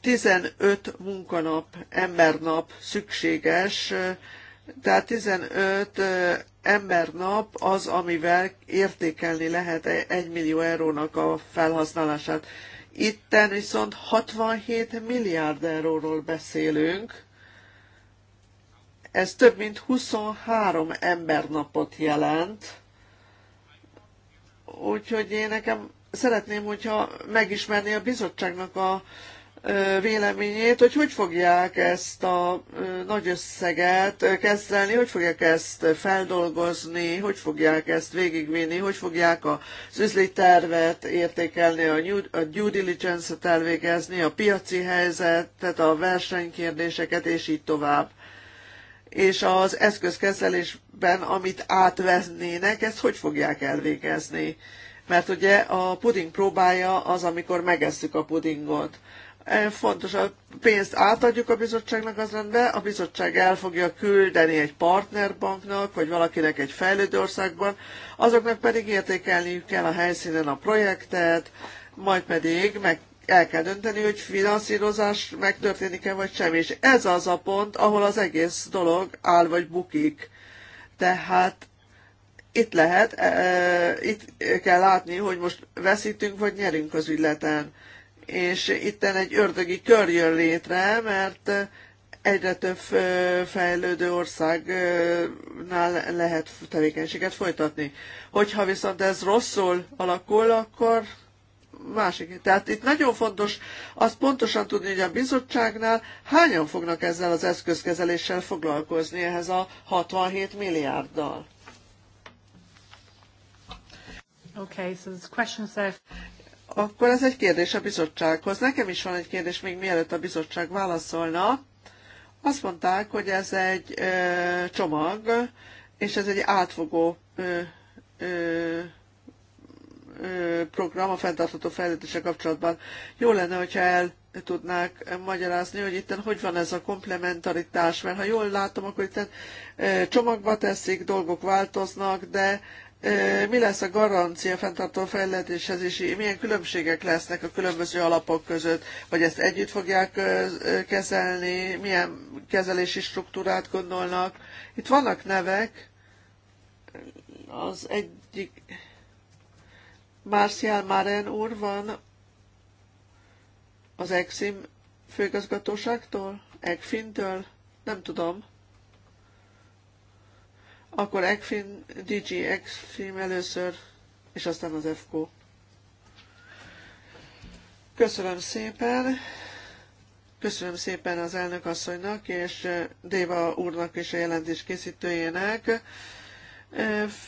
15 munkanap, embernap szükséges, tehát 15 embernap az, amivel értékelni lehet 1 millió eurónak a felhasználását. Itten viszont 67 milliárd euróról beszélünk, ez több mint 23 embernapot jelent, úgyhogy én nekem szeretném, hogyha megismerné a bizottságnak a véleményét, hogy hogy fogják ezt a nagy összeget kezelni, hogy fogják ezt feldolgozni, hogy fogják ezt végigvinni, hogy fogják az üzleti tervet értékelni, a, new, a due diligence-et elvégezni, a piaci helyzetet, a versenykérdéseket, és így tovább és az eszközkezelésben, amit átveznének, ezt hogy fogják elvégezni? Mert ugye a puding próbája az, amikor megesszük a pudingot. E, fontos, a pénzt átadjuk a bizottságnak az rendbe, a bizottság el fogja küldeni egy partnerbanknak, vagy valakinek egy fejlődő országban, azoknak pedig értékelniük kell a helyszínen a projektet, majd pedig meg el kell dönteni, hogy finanszírozás megtörténik-e vagy sem, és ez az a pont, ahol az egész dolog áll vagy bukik. Tehát itt lehet, e, e, itt kell látni, hogy most veszítünk vagy nyerünk az ügyleten. És itten egy ördögi kör jön létre, mert egyre több fejlődő országnál lehet tevékenységet folytatni. Hogyha viszont ez rosszul alakul, akkor másik. Tehát itt nagyon fontos azt pontosan tudni, hogy a bizottságnál hányan fognak ezzel az eszközkezeléssel foglalkozni ehhez a 67 milliárddal. Okay, so this question there. Akkor ez egy kérdés a bizottsághoz. Nekem is van egy kérdés, még mielőtt a bizottság válaszolna. Azt mondták, hogy ez egy ö, csomag, és ez egy átfogó ö, ö, program a fenntartható fejlődése kapcsolatban. Jó lenne, hogyha el tudnák magyarázni, hogy itten hogy van ez a komplementaritás, mert ha jól látom, akkor itt csomagba teszik, dolgok változnak, de mi lesz a garancia fenntartó fejlődéshez és milyen különbségek lesznek a különböző alapok között, vagy ezt együtt fogják kezelni, milyen kezelési struktúrát gondolnak. Itt vannak nevek, az egyik Marcial Maren úr van az Exim főigazgatóságtól? Egfintől? Nem tudom. Akkor Egfin, DG Egfin először, és aztán az FK. Köszönöm szépen. Köszönöm szépen az elnök asszonynak és Déva úrnak és a jelentés készítőjének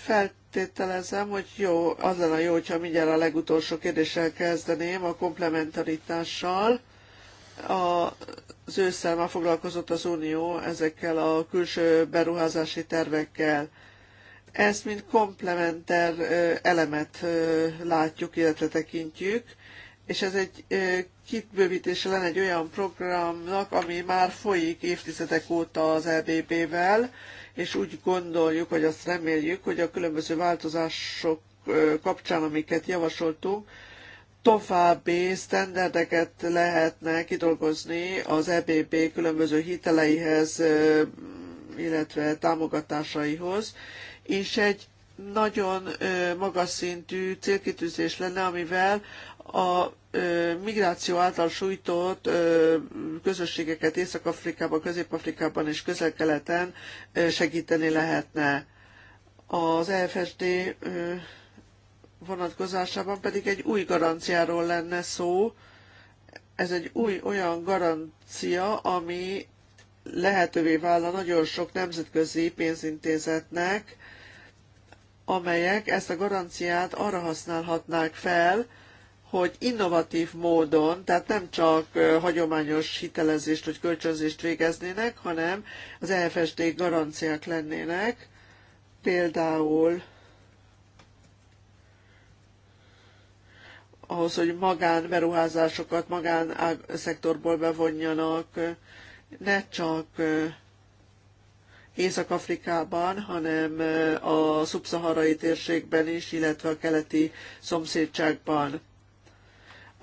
Feltételezem, hogy jó, az lenne jó, hogyha mindjárt a legutolsó kérdéssel kezdeném, a komplementaritással. A, az ősszel már foglalkozott az Unió ezekkel a külső beruházási tervekkel. Ezt mint komplementer elemet látjuk, illetve tekintjük, és ez egy kitbővítése lenne egy olyan programnak, ami már folyik évtizedek óta az EBB-vel, és úgy gondoljuk, hogy azt reméljük, hogy a különböző változások kapcsán, amiket javasoltunk, további sztenderdeket lehetne kidolgozni az EBB különböző hiteleihez, illetve támogatásaihoz, és egy nagyon magas szintű célkitűzés lenne, amivel a migráció által sújtott közösségeket Észak-Afrikában, Közép-Afrikában és Közel-Keleten segíteni lehetne. Az EFSD vonatkozásában pedig egy új garanciáról lenne szó. Ez egy új olyan garancia, ami lehetővé válna nagyon sok nemzetközi pénzintézetnek, amelyek ezt a garanciát arra használhatnák fel, hogy innovatív módon, tehát nem csak hagyományos hitelezést vagy kölcsönzést végeznének, hanem az EFSD garanciák lennének, például ahhoz, hogy magánberuházásokat magán szektorból bevonjanak, ne csak Észak-Afrikában, hanem a szubszaharai térségben is, illetve a keleti szomszédságban.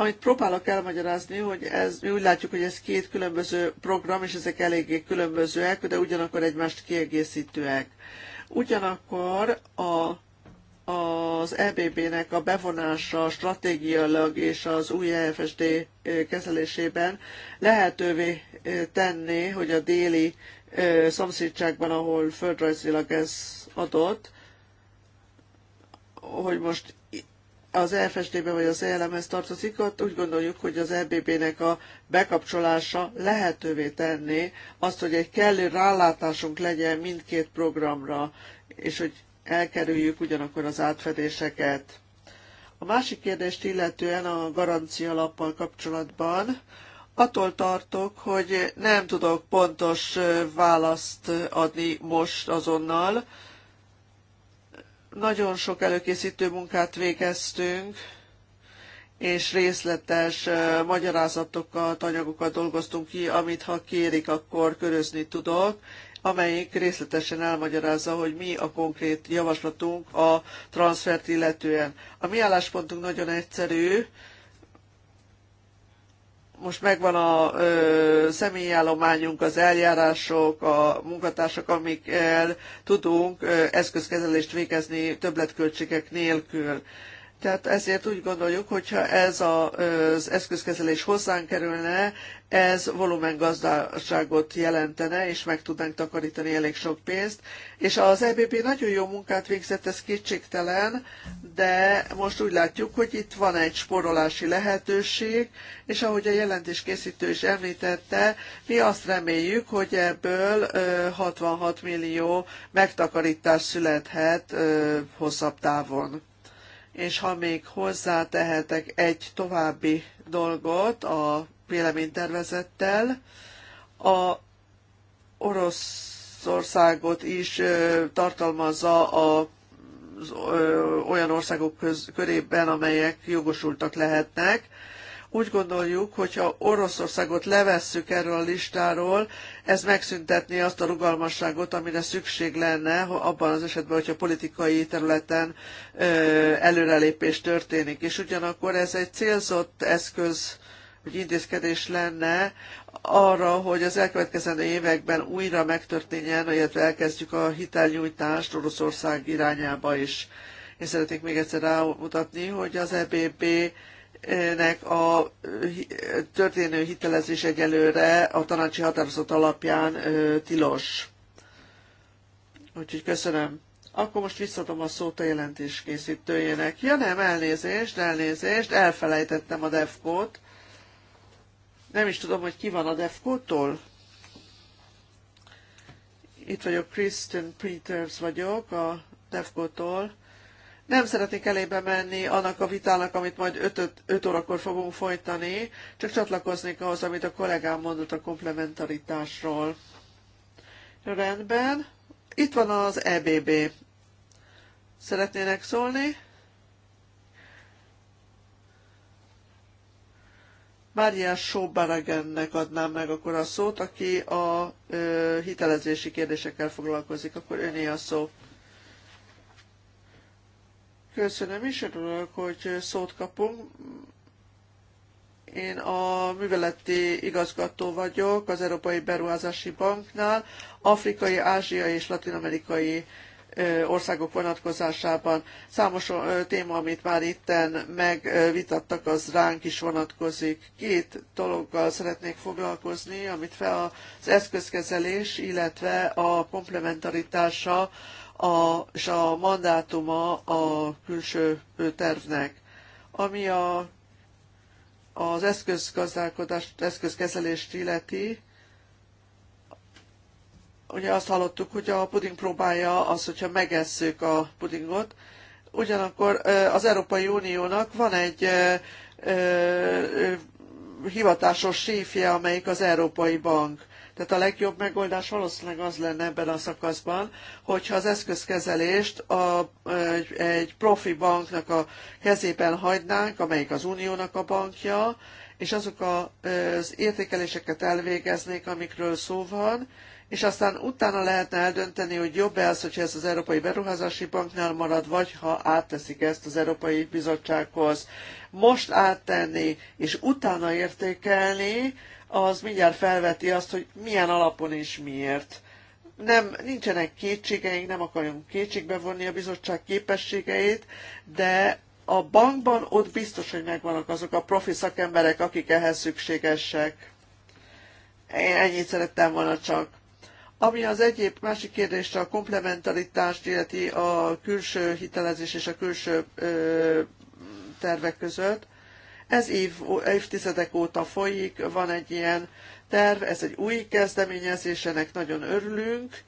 Amit próbálok elmagyarázni, hogy ez, mi úgy látjuk, hogy ez két különböző program, és ezek eléggé különbözőek, de ugyanakkor egymást kiegészítőek. Ugyanakkor a az EBB-nek a bevonása stratégialag és az új EFSD kezelésében lehetővé tenni, hogy a déli szomszédságban, ahol földrajzilag ez adott, hogy most az FSD-be vagy az ELM-hez tartozik, ott úgy gondoljuk, hogy az EBB-nek a bekapcsolása lehetővé tenné azt, hogy egy kellő rálátásunk legyen mindkét programra, és hogy elkerüljük ugyanakkor az átfedéseket. A másik kérdést illetően a garancia lappal kapcsolatban attól tartok, hogy nem tudok pontos választ adni most azonnal, nagyon sok előkészítő munkát végeztünk, és részletes uh, magyarázatokat, anyagokat dolgoztunk ki, amit ha kérik, akkor körözni tudok, amelyik részletesen elmagyarázza, hogy mi a konkrét javaslatunk a transfert illetően. A mi álláspontunk nagyon egyszerű, most megvan a ö, személyállományunk, az eljárások, a munkatársak, amikkel tudunk ö, eszközkezelést végezni többletköltségek nélkül. Tehát ezért úgy gondoljuk, hogyha ez a, az eszközkezelés hozzánk kerülne, ez volumen gazdaságot jelentene, és meg tudnánk takarítani elég sok pénzt. És az EBB nagyon jó munkát végzett, ez kétségtelen, de most úgy látjuk, hogy itt van egy sporolási lehetőség, és ahogy a jelentés készítő is említette, mi azt reméljük, hogy ebből 66 millió megtakarítás születhet hosszabb távon és ha még hozzá tehetek egy további dolgot a véleménytervezettel, a Oroszországot is tartalmazza a olyan országok köz, körében, amelyek jogosultak lehetnek, úgy gondoljuk, hogy ha Oroszországot levesszük erről a listáról, ez megszüntetné azt a rugalmasságot, amire szükség lenne abban az esetben, hogyha politikai területen előrelépés történik. És ugyanakkor ez egy célzott eszköz, hogy intézkedés lenne arra, hogy az elkövetkezendő években újra megtörténjen, illetve elkezdjük a hitelnyújtást Oroszország irányába is. Én szeretnék még egyszer rámutatni, hogy az EBB nek a történő hitelezés egyelőre a tanácsi határozat alapján tilos. Úgyhogy köszönöm. Akkor most visszadom a szót a jelentés készítőjének. Ja nem, elnézést, elnézést, elfelejtettem a defkót. Nem is tudom, hogy ki van a defkótól. Itt vagyok, Kristen Peters vagyok a defkótól. tól nem szeretnék elébe menni annak a vitának, amit majd 5, órakor fogunk folytani, csak csatlakoznék ahhoz, amit a kollégám mondott a komplementaritásról. Rendben. Itt van az EBB. Szeretnének szólni? Mária Sobaragennek adnám meg akkor a szót, aki a ö, hitelezési kérdésekkel foglalkozik, akkor öné a szó. Köszönöm, is örülök, hogy szót kapunk. Én a műveleti igazgató vagyok az Európai Beruházási Banknál, afrikai, ázsiai és latinamerikai országok vonatkozásában. Számos téma, amit már itten megvitattak, az ránk is vonatkozik. Két dologgal szeretnék foglalkozni, amit fel az eszközkezelés, illetve a komplementaritása a, és a mandátuma a külső tervnek. Ami a, az eszközgazdálkodást, eszközkezelést illeti, ugye azt hallottuk, hogy a puding próbálja az, hogyha megesszük a pudingot, ugyanakkor az Európai Uniónak van egy hivatásos séfje, amelyik az Európai Bank. Tehát a legjobb megoldás valószínűleg az lenne ebben a szakaszban, hogyha az eszközkezelést a, egy, egy profi banknak a kezében hagynánk, amelyik az uniónak a bankja, és azok a, az értékeléseket elvégeznék, amikről szó van, és aztán utána lehetne eldönteni, hogy jobb-e az, hogyha ez az Európai Beruházási Banknál marad, vagy ha átteszik ezt az Európai Bizottsághoz. Most áttenni és utána értékelni, az mindjárt felveti azt, hogy milyen alapon és miért. Nem, nincsenek kétségeink, nem akarjunk kétségbe vonni a bizottság képességeit, de a bankban ott biztos, hogy megvannak azok a profi szakemberek, akik ehhez szükségesek. Én ennyit szerettem volna csak ami az egyéb másik kérdésre a komplementaritást illeti a külső hitelezés és a külső ö, tervek között, ez év, évtizedek óta folyik, van egy ilyen terv, ez egy új kezdeményezés, ennek nagyon örülünk,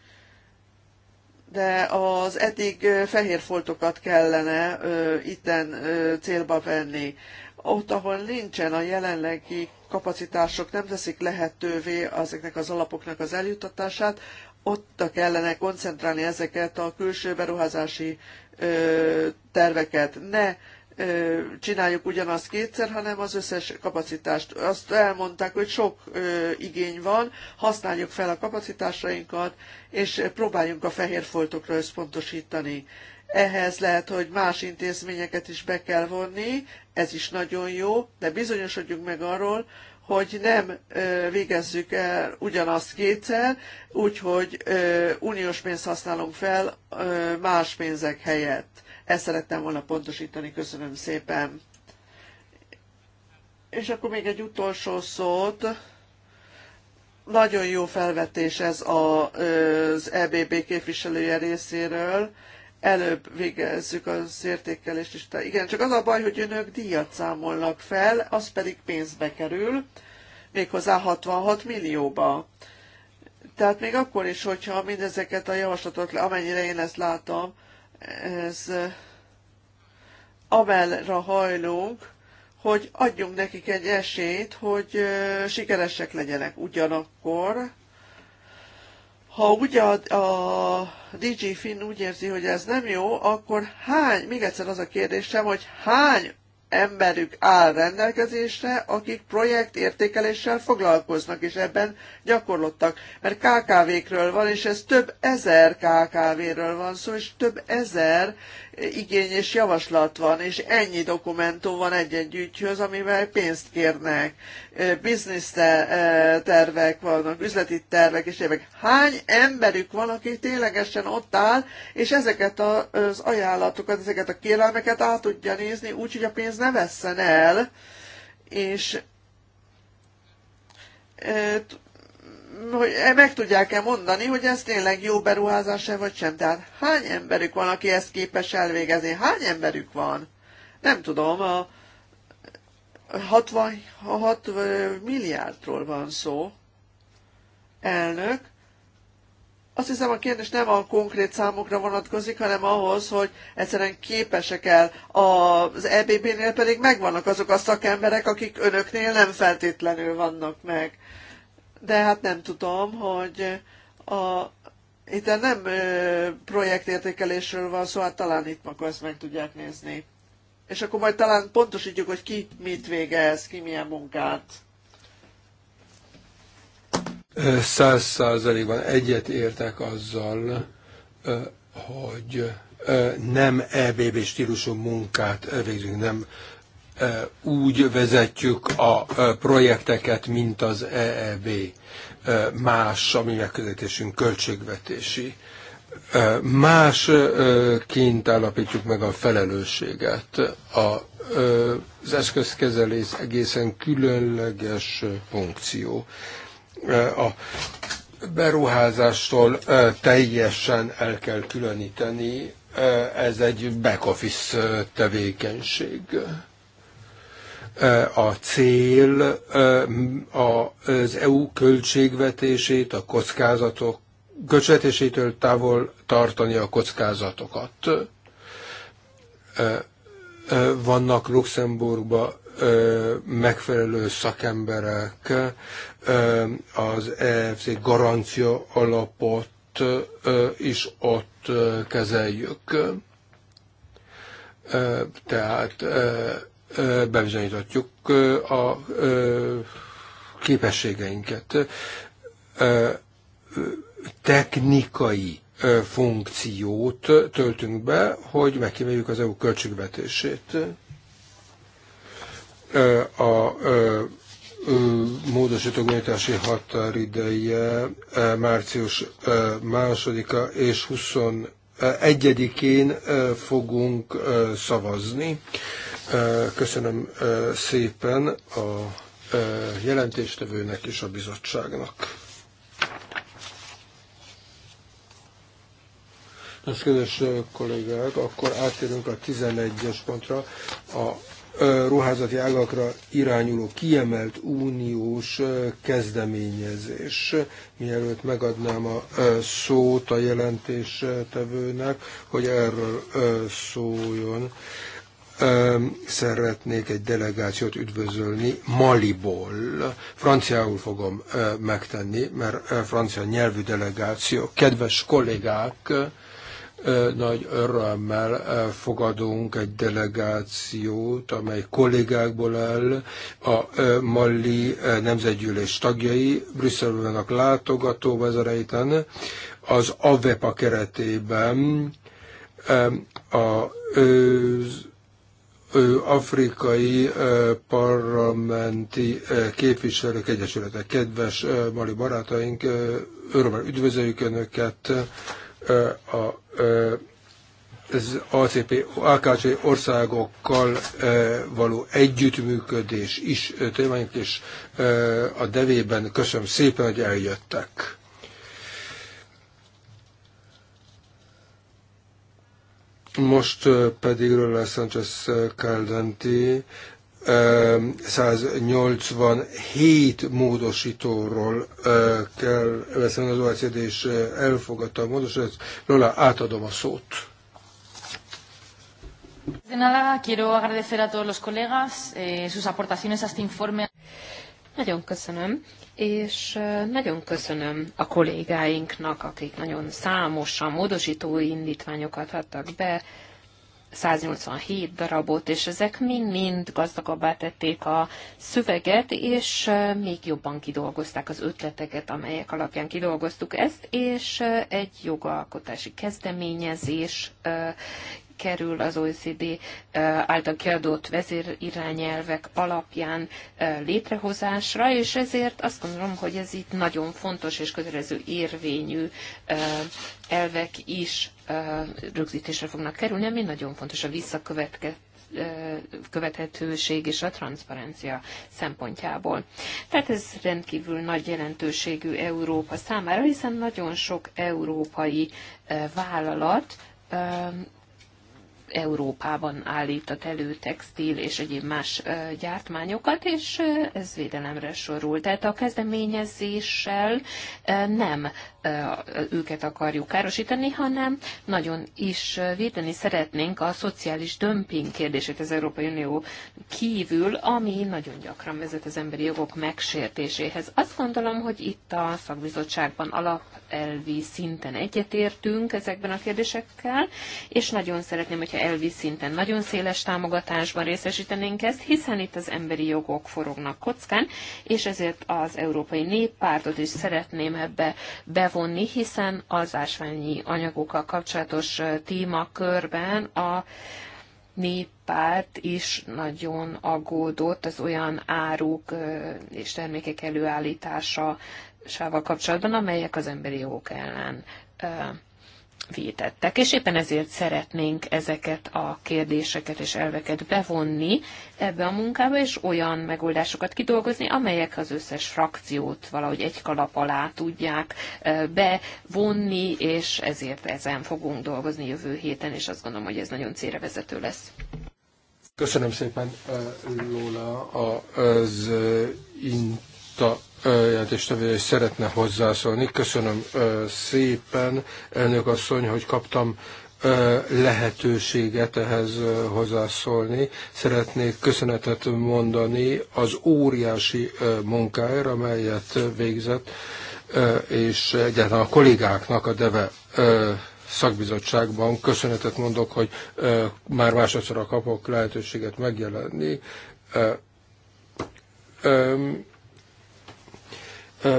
de az eddig fehér foltokat kellene ö, itten ö, célba venni. Ott, ahol nincsen a jelenlegi kapacitások nem teszik lehetővé ezeknek az alapoknak az eljutatását, ott kellene koncentrálni ezeket a külső beruházási ö, terveket. Ne ö, csináljuk ugyanazt kétszer, hanem az összes kapacitást. Azt elmondták, hogy sok ö, igény van, használjuk fel a kapacitásainkat, és próbáljunk a fehér foltokra összpontosítani. Ehhez lehet, hogy más intézményeket is be kell vonni, ez is nagyon jó, de bizonyosodjunk meg arról, hogy nem végezzük el ugyanazt kétszer, úgyhogy uniós pénzt használunk fel más pénzek helyett. Ezt szerettem volna pontosítani, köszönöm szépen. És akkor még egy utolsó szót. Nagyon jó felvetés ez az EBB képviselője részéről előbb végezzük az értékelést is. Igen, csak az a baj, hogy önök díjat számolnak fel, az pedig pénzbe kerül, méghozzá 66 millióba. Tehát még akkor is, hogyha mindezeket a javaslatot, amennyire én ezt látom, ez amelra hajlunk, hogy adjunk nekik egy esélyt, hogy sikeresek legyenek ugyanakkor, ha ugye a, a DJ Finn úgy érzi, hogy ez nem jó, akkor hány, még egyszer az a kérdésem, hogy hány emberük áll rendelkezésre, akik projektértékeléssel foglalkoznak, és ebben gyakorlottak. Mert KKV-kről van, és ez több ezer KKV-ről van szó, és több ezer igény és javaslat van, és ennyi dokumentum van egy-egy ügyhöz, amivel pénzt kérnek. Biznisz tervek vannak, üzleti tervek és évek. Hány emberük van, aki ténylegesen ott áll, és ezeket az ajánlatokat, ezeket a kérelmeket át tudja nézni úgy, hogy a pénz ne vesszen el, és hogy e- meg tudják-e mondani, hogy ez tényleg jó beruházás-e vagy sem. Tehát hány emberük van, aki ezt képes elvégezni? Hány emberük van? Nem tudom, a 66 milliárdról van szó. Elnök, azt hiszem a kérdés nem a konkrét számokra vonatkozik, hanem ahhoz, hogy egyszerűen képesek el. Az EBB-nél pedig megvannak azok a szakemberek, akik önöknél nem feltétlenül vannak meg. De hát nem tudom, hogy a, itt nem ö, projektértékelésről van szó, hát talán itt akkor ezt meg tudják nézni. És akkor majd talán pontosítjuk, hogy ki mit végez, ki milyen munkát száz százalékban egyet értek azzal, hogy nem EBB stílusú munkát végzünk, nem úgy vezetjük a projekteket, mint az EEB más ami megközelítésünk költségvetési. Másként állapítjuk meg a felelősséget. A, az eszközkezelés egészen különleges funkció a beruházástól teljesen el kell különíteni. Ez egy back-office tevékenység. A cél az EU költségvetését, a kockázatok költségvetésétől távol tartani a kockázatokat. Vannak Luxemburgban megfelelő szakemberek az EFZ garancia alapot is ott kezeljük. Tehát bebizonyítotjuk a képességeinket. Technikai funkciót töltünk be, hogy megkívánjuk az EU költségvetését a módosítók nyitási határideje március másodika és 21-én fogunk szavazni. Köszönöm szépen a jelentéstevőnek és a bizottságnak. Nos, kedves kollégák, akkor átérünk a 11-es pontra, a ruházati ágakra irányuló kiemelt uniós kezdeményezés. Mielőtt megadnám a szót a jelentéstevőnek, hogy erről szóljon, szeretnék egy delegációt üdvözölni Maliból. Franciául fogom megtenni, mert francia nyelvű delegáció. Kedves kollégák, nagy örömmel fogadunk egy delegációt, amely kollégákból áll, a Malli Nemzetgyűlés tagjai, Brüsszelben vannak látogató ez a az AVEPA e keretében ő afrikai parlamenti képviselők egyesülete. Kedves mali barátaink, örömmel üdvözöljük Önöket! a az ACP, AKC országokkal való együttműködés is témányok, és a devében köszönöm szépen, hogy eljöttek. Most pedig Rolla Sanchez Caldanti. 187 módosítóról kell veszem az OECD, és elfogadta a módosítót. Lola, átadom a szót. De nada, quiero agradecer a todos los colegas eh, sus aportaciones a este informe. Nagyon köszönöm, és nagyon köszönöm a kollégáinknak, akik nagyon számosan módosító indítványokat adtak be 187 darabot, és ezek mind-mind gazdagabbá tették a szöveget, és még jobban kidolgozták az ötleteket, amelyek alapján kidolgoztuk ezt, és egy jogalkotási kezdeményezés kerül az OECD által kiadott vezérirányelvek alapján létrehozásra, és ezért azt gondolom, hogy ez itt nagyon fontos és kötelező érvényű elvek is rögzítésre fognak kerülni, ami nagyon fontos a visszakövetkezés követhetőség és a transzparencia szempontjából. Tehát ez rendkívül nagy jelentőségű Európa számára, hiszen nagyon sok európai vállalat Európában állított elő textil és egyéb más gyártmányokat, és ez védelemre sorul. Tehát a kezdeményezéssel nem őket akarjuk károsítani, hanem nagyon is védeni szeretnénk a szociális dömping kérdését az Európai Unió kívül, ami nagyon gyakran vezet az emberi jogok megsértéséhez. Azt gondolom, hogy itt a szakbizottságban alapelvi szinten egyetértünk ezekben a kérdésekkel, és nagyon szeretném, hogyha elvi szinten nagyon széles támogatásban részesítenénk ezt, hiszen itt az emberi jogok forognak kockán, és ezért az Európai Néppártot is szeretném ebbe be bevonni, hiszen az ásványi anyagokkal kapcsolatos témakörben a néppárt is nagyon aggódott az olyan áruk és termékek előállítása sával kapcsolatban, amelyek az emberi jogok ellen vétettek, és éppen ezért szeretnénk ezeket a kérdéseket és elveket bevonni ebbe a munkába, és olyan megoldásokat kidolgozni, amelyek az összes frakciót valahogy egy kalap alá tudják bevonni, és ezért ezen fogunk dolgozni jövő héten, és azt gondolom, hogy ez nagyon célra vezető lesz. Köszönöm szépen, Lola, az int ta, jelentéstevő is szeretne hozzászólni. Köszönöm szépen, elnök asszony, hogy kaptam lehetőséget ehhez hozzászólni. Szeretnék köszönetet mondani az óriási munkáért, amelyet végzett, és egyáltalán a kollégáknak a DEVE szakbizottságban köszönetet mondok, hogy már másodszor kapok lehetőséget megjelenni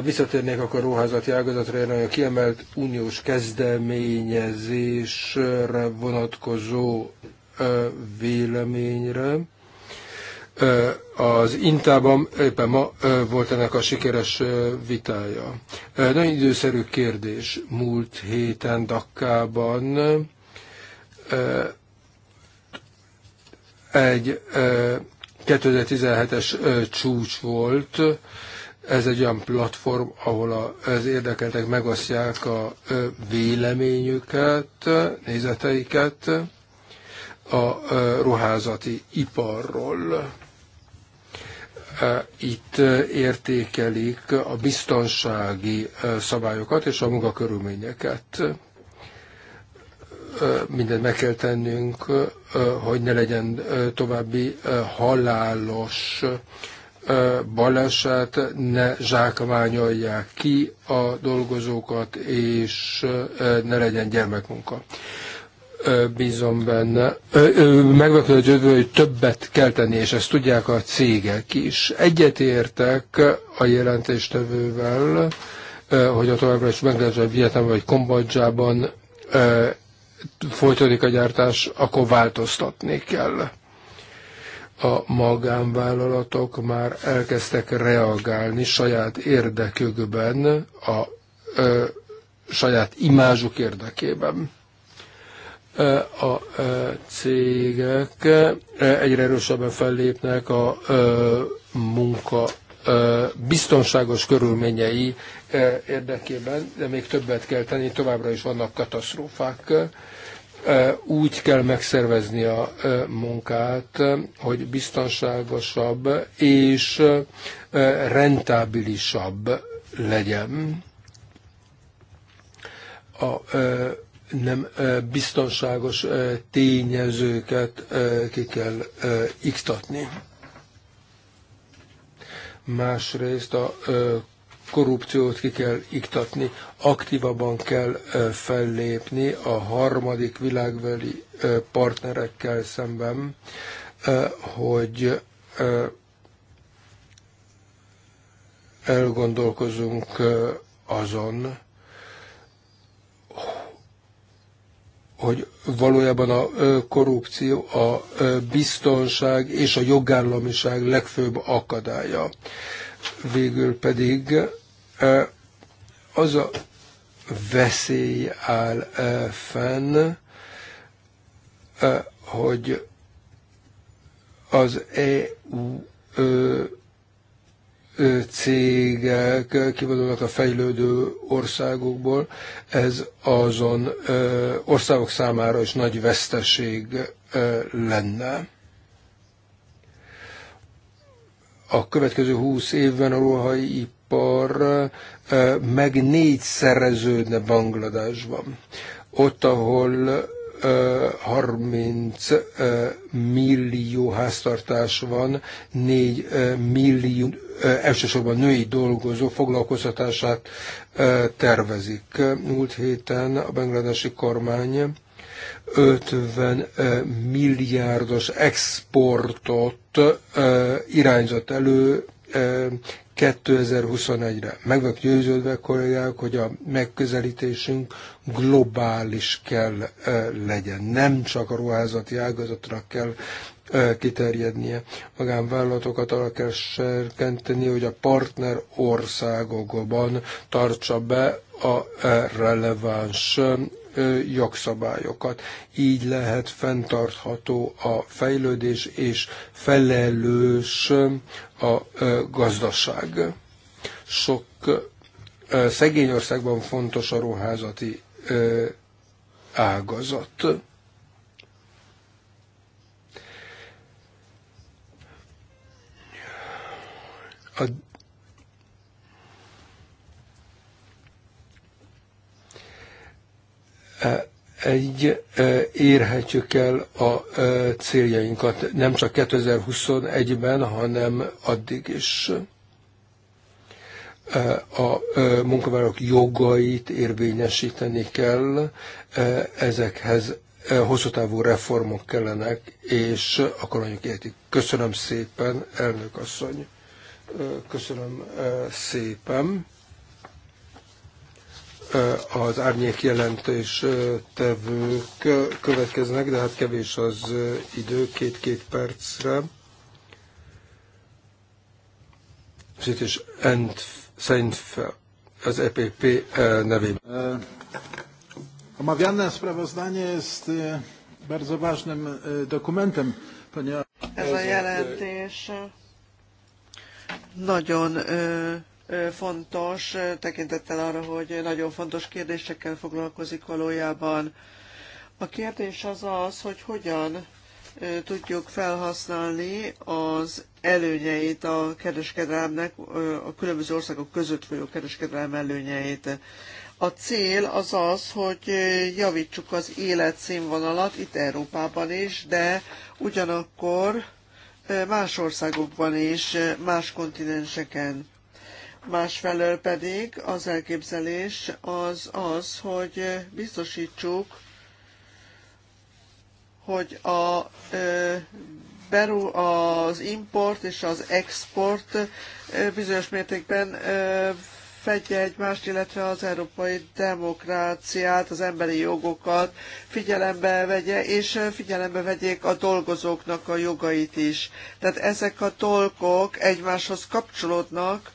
Visszatérnék akkor a ruházati ágazatra, én a kiemelt uniós kezdeményezésre vonatkozó véleményre. Az Intában éppen ma volt ennek a sikeres vitája. Nagyon időszerű kérdés. Múlt héten Dakkában egy 2017-es csúcs volt, ez egy olyan platform, ahol az érdekeltek megosztják a véleményüket, nézeteiket a ruházati iparról. Itt értékelik a biztonsági szabályokat és a munkakörülményeket mindent meg kell tennünk, hogy ne legyen további halálos baleset, ne zsákmányolják ki a dolgozókat, és ne legyen gyermekmunka. Bízom benne. Meg hogy többet kell tenni, és ezt tudják a cégek is. Egyetértek a jelentéstevővel, hogy a továbbra is meglehetősen Vietnám vagy Kombodzsában folytatódik a gyártás, akkor változtatni kell a magánvállalatok már elkezdtek reagálni saját érdekükben, a ö, saját imázsuk érdekében. A cégek egyre erősebben fellépnek a munka biztonságos körülményei érdekében, de még többet kell tenni, továbbra is vannak katasztrófák úgy kell megszervezni a munkát, hogy biztonságosabb és rentábilisabb legyen. A nem biztonságos tényezőket ki kell iktatni. Másrészt a korrupciót ki kell iktatni, aktívabban kell fellépni a harmadik világbeli partnerekkel szemben, hogy elgondolkozunk azon, hogy valójában a korrupció a biztonság és a jogállamiság legfőbb akadálya. Végül pedig az a veszély áll fenn, hogy az EU cégek kivonulnak a fejlődő országokból, ez azon országok számára is nagy veszteség lenne. A következő húsz évben a ruhai export meg négyszereződne Bangladesban. Ott, ahol 30 millió háztartás van, 4 millió elsősorban női dolgozó foglalkoztatását tervezik. Múlt héten a bangladesi kormány 50 milliárdos exportot irányzott elő 2021-re. Meg vagyok győződve, kollégák, hogy a megközelítésünk globális kell legyen. Nem csak a ruházati ágazatra kell kiterjednie. Magánvállalatokat arra kell serkenteni, hogy a partner országokban tartsa be a releváns jogszabályokat. Így lehet fenntartható a fejlődés és felelős a gazdaság. Sok szegény országban fontos a ruházati ágazat. A egy érhetjük el a céljainkat, nem csak 2021-ben, hanem addig is a munkavállalók jogait érvényesíteni kell, ezekhez hosszú távú reformok kellenek, és akkor mondjuk értik. Köszönöm szépen, elnök asszony. Köszönöm szépen az árnyék jelentés tevők következnek, de hát kevés az idő, két-két percre. És itt is Ent Szentfe, az EPP nevében. Omawiane sprawozdanie jest e, bardzo ważnym e, dokumentem, ponieważ... Ez a jelentés e, nagyon fontos, tekintettel arra, hogy nagyon fontos kérdésekkel foglalkozik valójában. A kérdés az az, hogy hogyan tudjuk felhasználni az előnyeit a kereskedelmnek a különböző országok között folyó kereskedelem előnyeit. A cél az az, hogy javítsuk az életszínvonalat itt Európában is, de ugyanakkor más országokban is, más kontinenseken. Másfelől pedig az elképzelés az az, hogy biztosítsuk, hogy a, beru, az import és az export bizonyos mértékben fedje egymást, illetve az európai demokráciát, az emberi jogokat figyelembe vegye, és figyelembe vegyék a dolgozóknak a jogait is. Tehát ezek a dolgok egymáshoz kapcsolódnak,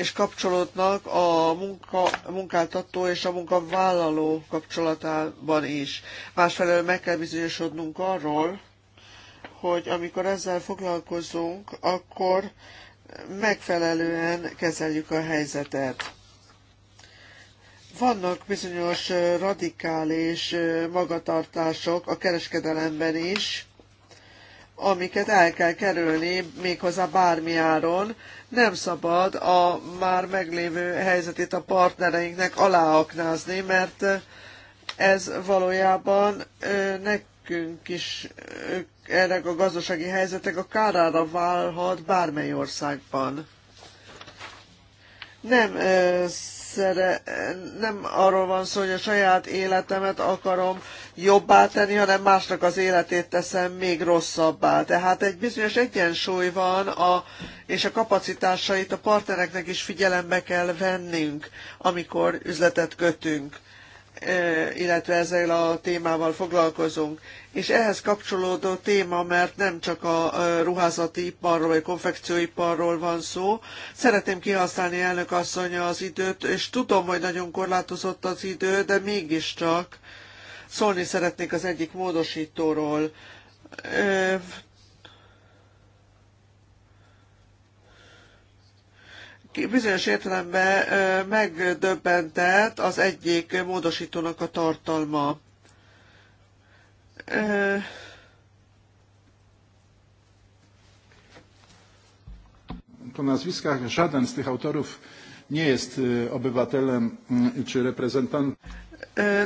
és kapcsolódnak a munka, munkáltató és a munkavállaló kapcsolatában is. Másfelől meg kell bizonyosodnunk arról, hogy amikor ezzel foglalkozunk, akkor megfelelően kezeljük a helyzetet. Vannak bizonyos radikális magatartások a kereskedelemben is, amiket el kell kerülni méghozzá bármi áron. Nem szabad a már meglévő helyzetét a partnereinknek aláaknázni, mert ez valójában nekünk is erre a gazdasági helyzetek a kárára válhat bármely országban. Nem egyszerre nem arról van szó, hogy a saját életemet akarom jobbá tenni, hanem másnak az életét teszem még rosszabbá. Tehát egy bizonyos egyensúly van, a, és a kapacitásait a partnereknek is figyelembe kell vennünk, amikor üzletet kötünk E, illetve ezzel a témával foglalkozunk. És ehhez kapcsolódó téma, mert nem csak a e, ruházati iparról vagy konfekcióiparról van szó. Szeretném kihasználni elnök asszony az időt, és tudom, hogy nagyon korlátozott az idő, de mégiscsak szólni szeretnék az egyik módosítóról e, bizonyos értelemben megdöbbentett az egyik módosítónak a tartalma. Po nazwiskach żaden z tych autorów nie jest obywatelem mm, czy reprezentantem.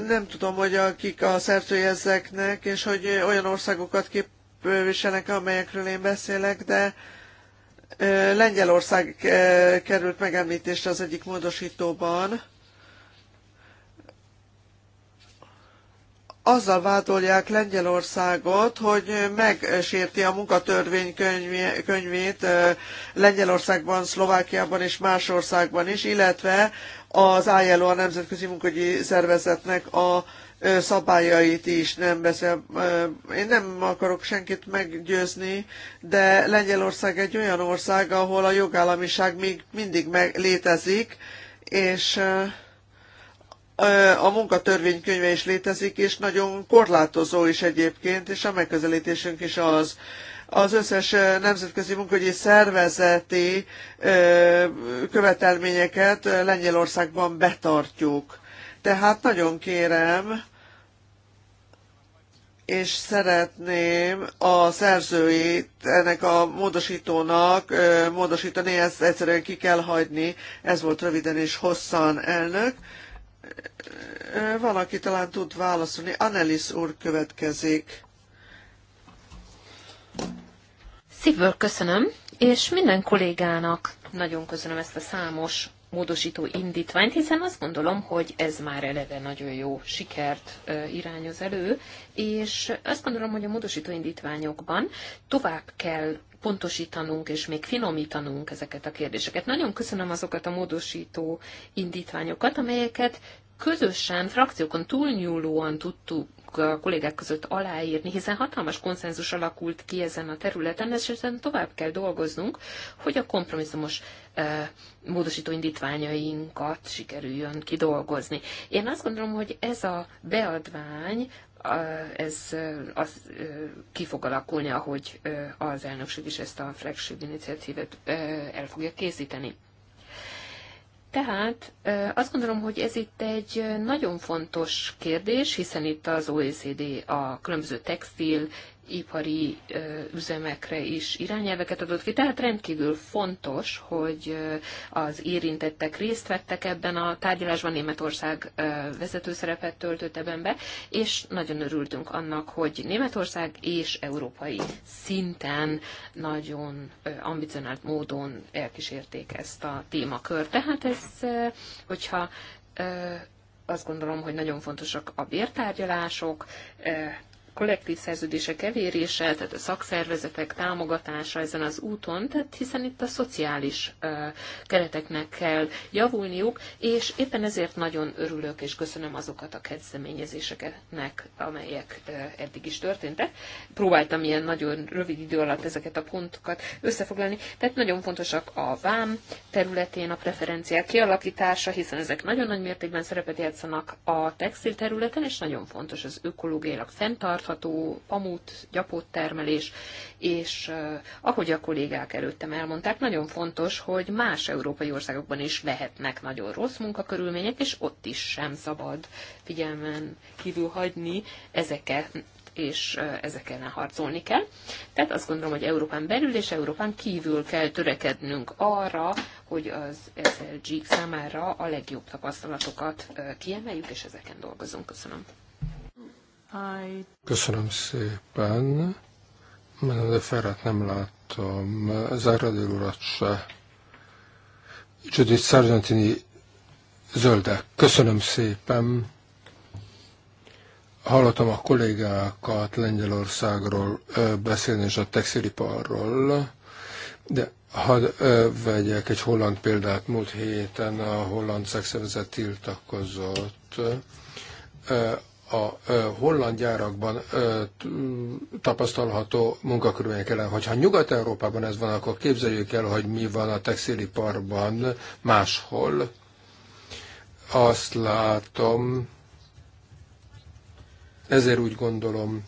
Nem tudom, hogy akik a szerzői ezeknek, és hogy olyan országokat képviselnek, amelyekről én beszélek, de Lengyelország került megemlítésre az egyik módosítóban. Azzal vádolják Lengyelországot, hogy megsérti a munkatörvénykönyvét Lengyelországban, Szlovákiában és más országban is, illetve az ILO a Nemzetközi Munkagyi Szervezetnek a szabályait is, nem beszél, én nem akarok senkit meggyőzni, de Lengyelország egy olyan ország, ahol a jogállamiság még mindig meg, létezik, és a munkatörvénykönyve is létezik, és nagyon korlátozó is egyébként, és a megközelítésünk is az. Az összes nemzetközi munkahogyi szervezeti követelményeket Lengyelországban betartjuk. Tehát nagyon kérem, és szeretném a szerzőit ennek a módosítónak módosítani, ezt egyszerűen ki kell hagyni. Ez volt röviden és hosszan elnök. valaki talán tud válaszolni. Annelis úr következik. Szívből köszönöm, és minden kollégának nagyon köszönöm ezt a számos módosító indítványt, hiszen azt gondolom, hogy ez már eleve nagyon jó sikert irányoz elő, és azt gondolom, hogy a módosító indítványokban tovább kell pontosítanunk és még finomítanunk ezeket a kérdéseket. Nagyon köszönöm azokat a módosító indítványokat, amelyeket közösen, frakciókon túlnyúlóan tudtuk a kollégák között aláírni, hiszen hatalmas konszenzus alakult ki ezen a területen, és ezen tovább kell dolgoznunk, hogy a kompromisszumos módosító indítványainkat sikerüljön kidolgozni. Én azt gondolom, hogy ez a beadvány ez az, ki fog alakulni, ahogy az elnökség is ezt a flagship iniciatívet el fogja készíteni. Tehát azt gondolom, hogy ez itt egy nagyon fontos kérdés, hiszen itt az OECD a különböző textil ipari üzemekre is irányelveket adott ki, tehát rendkívül fontos, hogy az érintettek részt vettek ebben a tárgyalásban, Németország vezető szerepet töltött ebben be, és nagyon örültünk annak, hogy Németország és európai szinten nagyon ambicionált módon elkísérték ezt a témakört. Tehát ez, hogyha azt gondolom, hogy nagyon fontosak a bértárgyalások, kollektív szerződések elérése, tehát a szakszervezetek támogatása ezen az úton, tehát hiszen itt a szociális kereteknek kell javulniuk, és éppen ezért nagyon örülök és köszönöm azokat a kezdeményezéseknek, amelyek eddig is történtek. Próbáltam ilyen nagyon rövid idő alatt ezeket a pontokat összefoglalni, tehát nagyon fontosak a vám területén a preferenciák kialakítása, hiszen ezek nagyon nagy mértékben szerepet játszanak a textil területen, és nagyon fontos az ökológiailag fenntart fenntartható pamut, gyapott termelés, és ahogy a kollégák előttem elmondták, nagyon fontos, hogy más európai országokban is lehetnek nagyon rossz munkakörülmények, és ott is sem szabad figyelmen kívül hagyni ezeket és ezek ellen harcolni kell. Tehát azt gondolom, hogy Európán belül és Európán kívül kell törekednünk arra, hogy az SLG számára a legjobb tapasztalatokat kiemeljük, és ezeken dolgozunk. Köszönöm. Köszönöm szépen. Menede Ferret nem láttam, Záradél urat se. Judith Sargentini zöldek. Köszönöm szépen. Hallottam a kollégákat Lengyelországról beszélni és a textiliparról, de hadd vegyek egy holland példát. Múlt héten a holland szexszervezet tiltakozott a holland gyárakban tapasztalható munkakörülmények ellen. Hogyha Nyugat-Európában ez van, akkor képzeljük el, hogy mi van a textiliparban máshol. Azt látom, ezért úgy gondolom,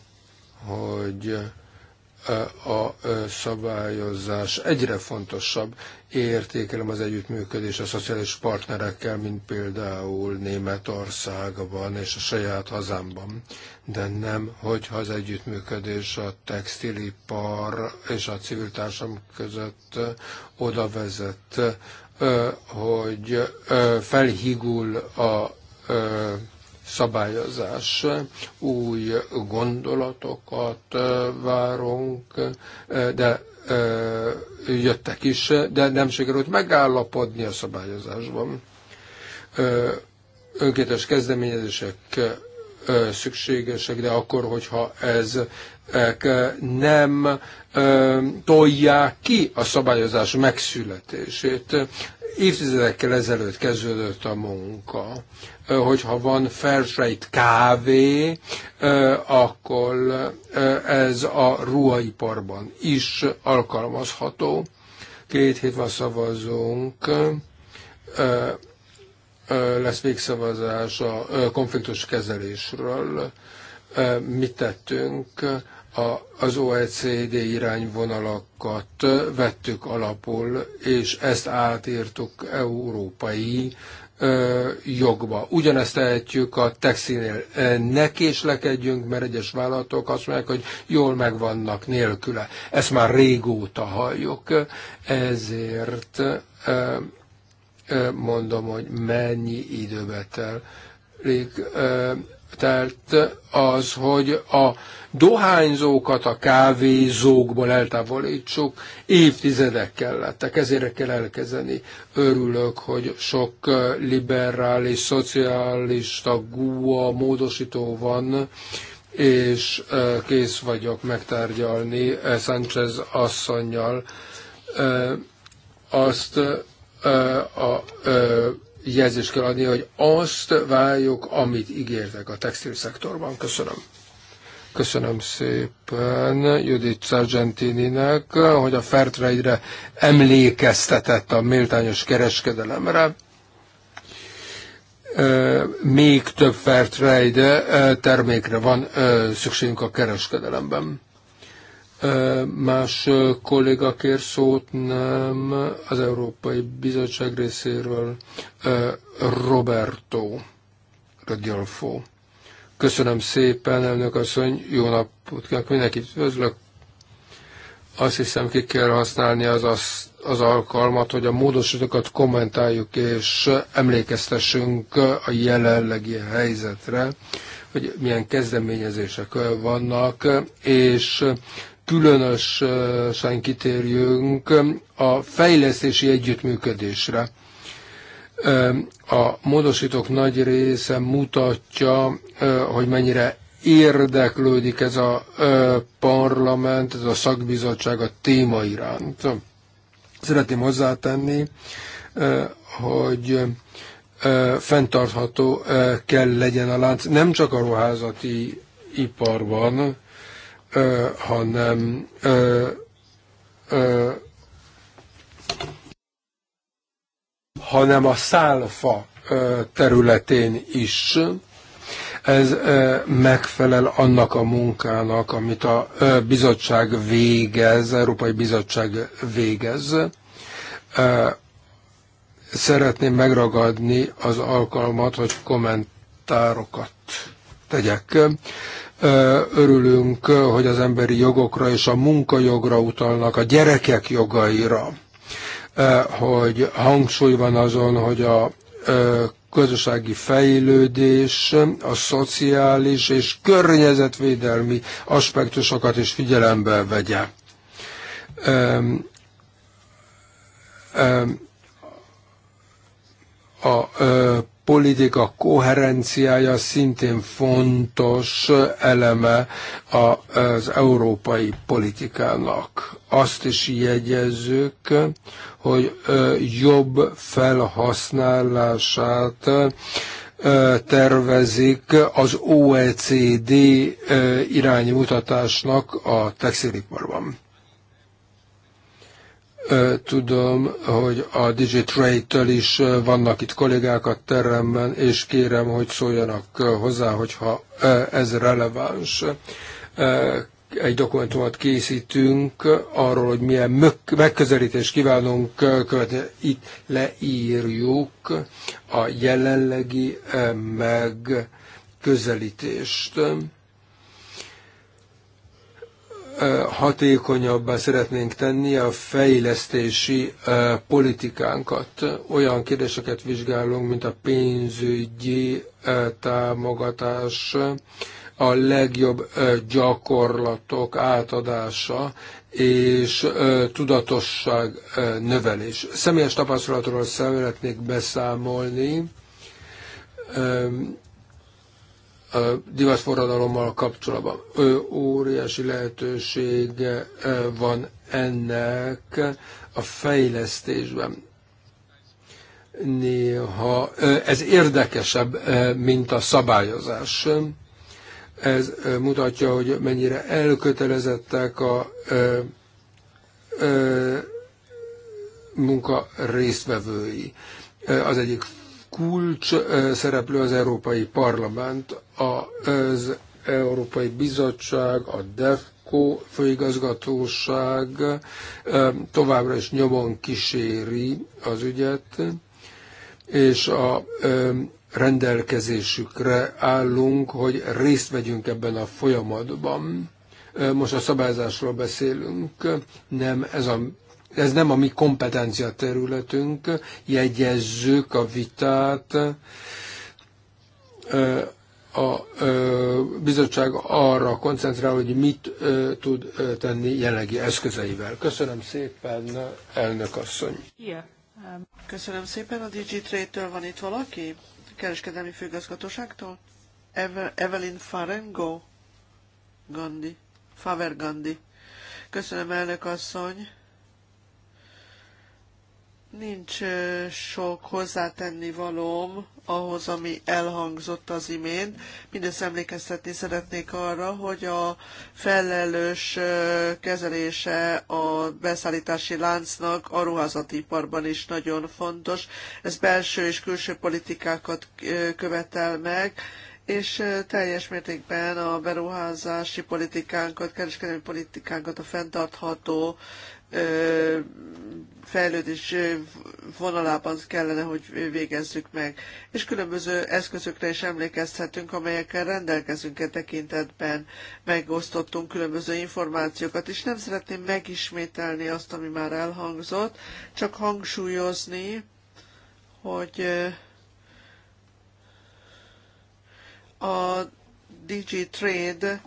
hogy a szabályozás egyre fontosabb. Értékelem az együttműködés a szociális partnerekkel, mint például Németországban és a saját hazámban, de nem, hogyha az együttműködés a textilipar és a civil társam között oda vezet, hogy felhigul a szabályozás. Új gondolatokat várunk, de jöttek is, de nem sikerült megállapodni a szabályozásban. Önkéntes kezdeményezések szükségesek, de akkor, hogyha ez nem tolják ki a szabályozás megszületését. Évtizedekkel ezelőtt kezdődött a munka hogyha van felsejt kávé, akkor ez a ruhaiparban is alkalmazható. Két hét van szavazunk, lesz végszavazás a konfliktus kezelésről. Mit tettünk? az OECD irányvonalakat vettük alapul, és ezt átírtuk európai jogba. Ugyanezt tehetjük a textilnél. Ne késlekedjünk, mert egyes vállalatok azt mondják, hogy jól megvannak nélküle. Ezt már régóta halljuk, ezért mondom, hogy mennyi időbe telik telt az, hogy a dohányzókat a kávézókból eltávolítsuk, évtizedek kellettek, ezért kell elkezdeni. Örülök, hogy sok liberális, szocialista, gua módosító van, és kész vagyok megtárgyalni Sánchez asszonynal azt a jelzést kell adni, hogy azt váljuk, amit ígértek a textil szektorban. Köszönöm. Köszönöm szépen Judith Sargentininek, hogy a Fairtrade-re emlékeztetett a méltányos kereskedelemre. Még több Fairtrade termékre van szükségünk a kereskedelemben. Más kolléga kér szót, nem az Európai Bizottság részéről Roberto Rodolfo. Köszönöm szépen, elnök asszony, jó napot kívánok mindenkit, üdvözlök. Azt hiszem, ki kell használni az, az, az alkalmat, hogy a módosítókat kommentáljuk és emlékeztessünk a jelenlegi helyzetre, hogy milyen kezdeményezések vannak, és különösen kitérjünk a fejlesztési együttműködésre. A módosítók nagy része mutatja, hogy mennyire érdeklődik ez a parlament, ez a szakbizottság a téma iránt. Szeretném hozzátenni, hogy fenntartható kell legyen a lánc, nem csak a ruházati iparban, ö, hanem ö, ö, hanem a szálfa területén is. Ez megfelel annak a munkának, amit a bizottság végez, Európai Bizottság végez. Szeretném megragadni az alkalmat, hogy kommentárokat tegyek. Örülünk, hogy az emberi jogokra és a munkajogra utalnak, a gyerekek jogaira, hogy hangsúly van azon, hogy a közösségi fejlődés, a szociális és környezetvédelmi aspektusokat is figyelembe vegye. a politika koherenciája szintén fontos eleme az európai politikának. Azt is jegyezzük, hogy jobb felhasználását tervezik az OECD iránymutatásnak a textiliparban. Tudom, hogy a digitrate től is vannak itt kollégák a teremben, és kérem, hogy szóljanak hozzá, hogyha ez releváns. Egy dokumentumot készítünk arról, hogy milyen megközelítést kívánunk követni. Itt leírjuk a jelenlegi megközelítést hatékonyabbá szeretnénk tenni a fejlesztési politikánkat. Olyan kérdéseket vizsgálunk, mint a pénzügyi támogatás, a legjobb gyakorlatok átadása és tudatosság növelés. Személyes tapasztalatról szeretnék beszámolni divatforradalommal kapcsolatban. Ö, óriási lehetősége van ennek a fejlesztésben. Néha ez érdekesebb, mint a szabályozás. Ez mutatja, hogy mennyire elkötelezettek a ö, ö, munka résztvevői. Az egyik kulcs szereplő az Európai Parlament, az Európai Bizottság, a DEFCO főigazgatóság továbbra is nyomon kíséri az ügyet, és a rendelkezésükre állunk, hogy részt vegyünk ebben a folyamatban. Most a szabályzásról beszélünk, nem ez a ez nem a mi kompetencia területünk, jegyezzük a vitát. A bizottság arra koncentrál, hogy mit tud tenni jelenlegi eszközeivel. Köszönöm szépen, elnök asszony. Köszönöm szépen, a DigiTrade-től van itt valaki? Kereskedelmi főgazgatóságtól? Evelyn Farengo Gandhi. Faver Gandhi. Köszönöm, elnök asszony. Nincs sok hozzátenni valóm ahhoz, ami elhangzott az imént. Mindössze emlékeztetni szeretnék arra, hogy a felelős kezelése a beszállítási láncnak a ruházatiparban is nagyon fontos. Ez belső és külső politikákat követel meg, és teljes mértékben a beruházási politikánkat, kereskedelmi politikánkat, a fenntartható fejlődés vonalában kellene, hogy végezzük meg. És különböző eszközökre is emlékezhetünk, amelyekkel rendelkezünk e tekintetben. Megosztottunk különböző információkat, és nem szeretném megismételni azt, ami már elhangzott, csak hangsúlyozni, hogy a DigiTrade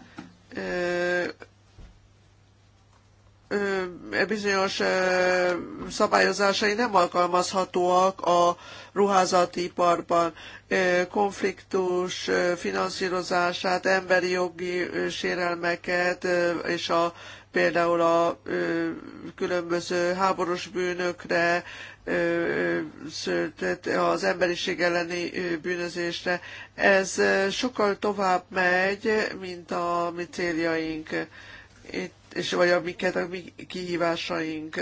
bizonyos szabályozásai nem alkalmazhatóak a iparban Konfliktus finanszírozását, emberi jogi sérelmeket és a például a különböző háborús bűnökre, tehát az emberiség elleni bűnözésre. Ez sokkal tovább megy, mint a mi céljaink. Itt és vagy amiket a mi kihívásaink,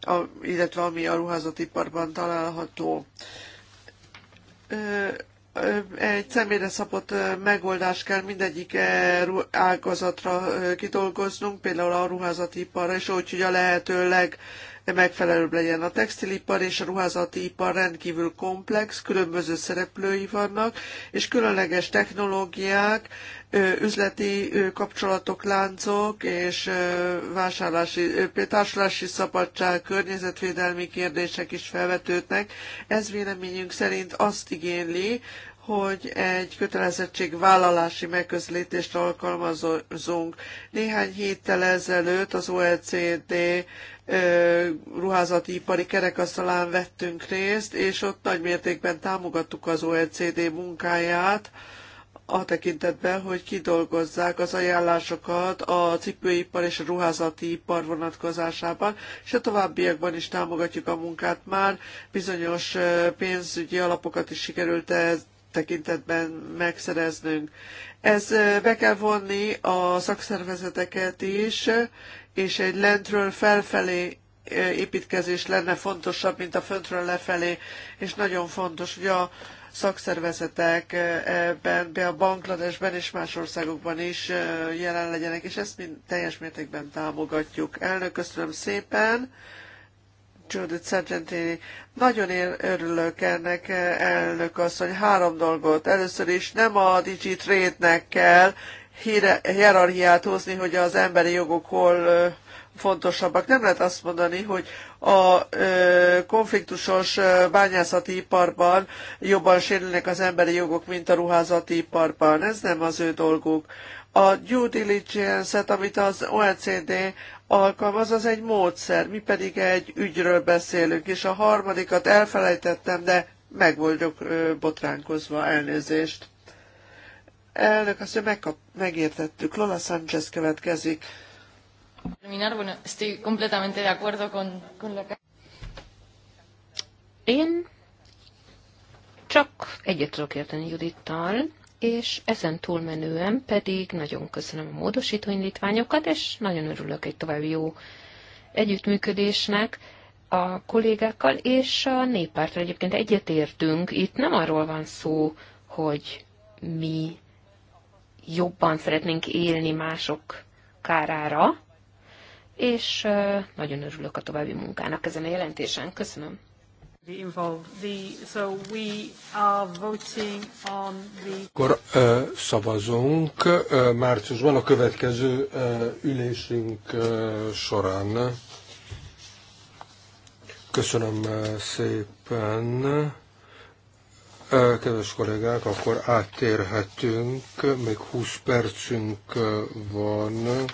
a, illetve ami a ruházatiparban található. Egy személyre szabott megoldás kell mindegyik ágazatra kidolgoznunk, például a ruházatiparra, és úgy, hogy a lehető leg megfelelőbb legyen. A textilipar és a ruházati ipar rendkívül komplex, különböző szereplői vannak, és különleges technológiák üzleti kapcsolatok, láncok és vásárlási, társulási szabadság, környezetvédelmi kérdések is felvetődnek. Ez véleményünk szerint azt igényli, hogy egy kötelezettségvállalási megközelítést alkalmazunk. Néhány héttel ezelőtt az OECD ruházati ipari kerekasztalán vettünk részt, és ott nagymértékben támogattuk az OECD munkáját, a tekintetben, hogy kidolgozzák az ajánlásokat a cipőipar és a ruházati ipar vonatkozásában, és a továbbiakban is támogatjuk a munkát már. Bizonyos pénzügyi alapokat is sikerült ez tekintetben megszereznünk. Ez be kell vonni a szakszervezeteket is, és egy lentről felfelé építkezés lenne fontosabb, mint a föntről lefelé, és nagyon fontos, hogy a szakszervezetek eh, ebben, be a Bangladesben és más országokban is eh, jelen legyenek, és ezt mind teljes mértékben támogatjuk. Elnök, köszönöm szépen! Judith Sargentini. Nagyon én örülök ennek, eh, elnök asszony, három dolgot. Először is nem a Digitrade-nek kell hierarchiát hozni, hogy az emberi jogok hol fontosabbak. Nem lehet azt mondani, hogy a konfliktusos bányászati iparban jobban sérülnek az emberi jogok, mint a ruházati iparban. Ez nem az ő dolguk. A due diligence-et, amit az OECD alkalmaz, az egy módszer, mi pedig egy ügyről beszélünk, és a harmadikat elfelejtettem, de meg vagyok botránkozva, elnézést. Elnök, azt mondja, megértettük. Lola Sanchez következik. Én csak egyet tudok érteni Judittal, és ezen túlmenően pedig nagyon köszönöm a módosító indítványokat, és nagyon örülök egy további jó együttműködésnek a kollégákkal, és a néppártra egyébként egyetértünk. Itt nem arról van szó, hogy mi jobban szeretnénk élni mások kárára, és nagyon örülök a további munkának ezen a jelentésen. Köszönöm. Akkor szavazunk márciusban a következő ülésünk során. Köszönöm szépen. Kedves kollégák, akkor áttérhetünk, még 20 percünk van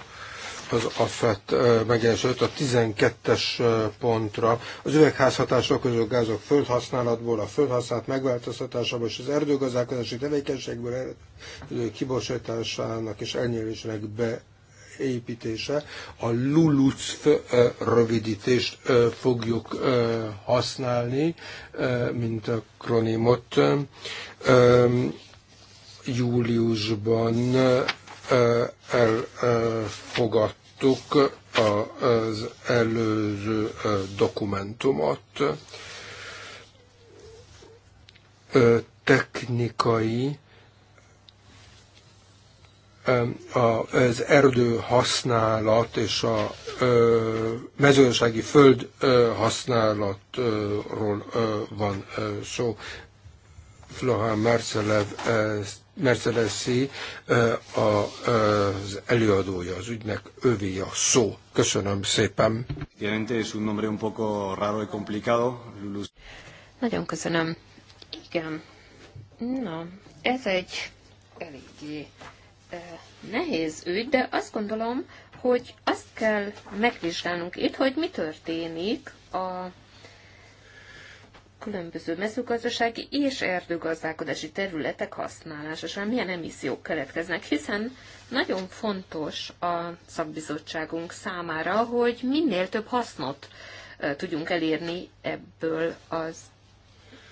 az AFET megjelensült a 12-es e pontra. Az üvegházhatások közül gázok földhasználatból, a földhasználat megváltoztatásából és az erdőgazdálkodási tevékenységből erdő kibocsátásának és be beépítése. A LULUC rövidítést fogjuk használni, mint a kronimot. Júliusban elfogadt megkaptuk az előző dokumentumot. Technikai az erdő használat és a mezőgazdasági föld használatról van szó. Flohán Marcelev ezt Mercedesi az előadója az ügynek, övé a szó. Köszönöm szépen. Nagyon köszönöm. Igen. Na, ez egy eléggé nehéz ügy, de azt gondolom, hogy azt kell megvizsgálnunk itt, hogy mi történik a különböző mezőgazdasági és erdőgazdálkodási területek használása során milyen emissziók keletkeznek, hiszen nagyon fontos a szakbizottságunk számára, hogy minél több hasznot tudjunk elérni ebből az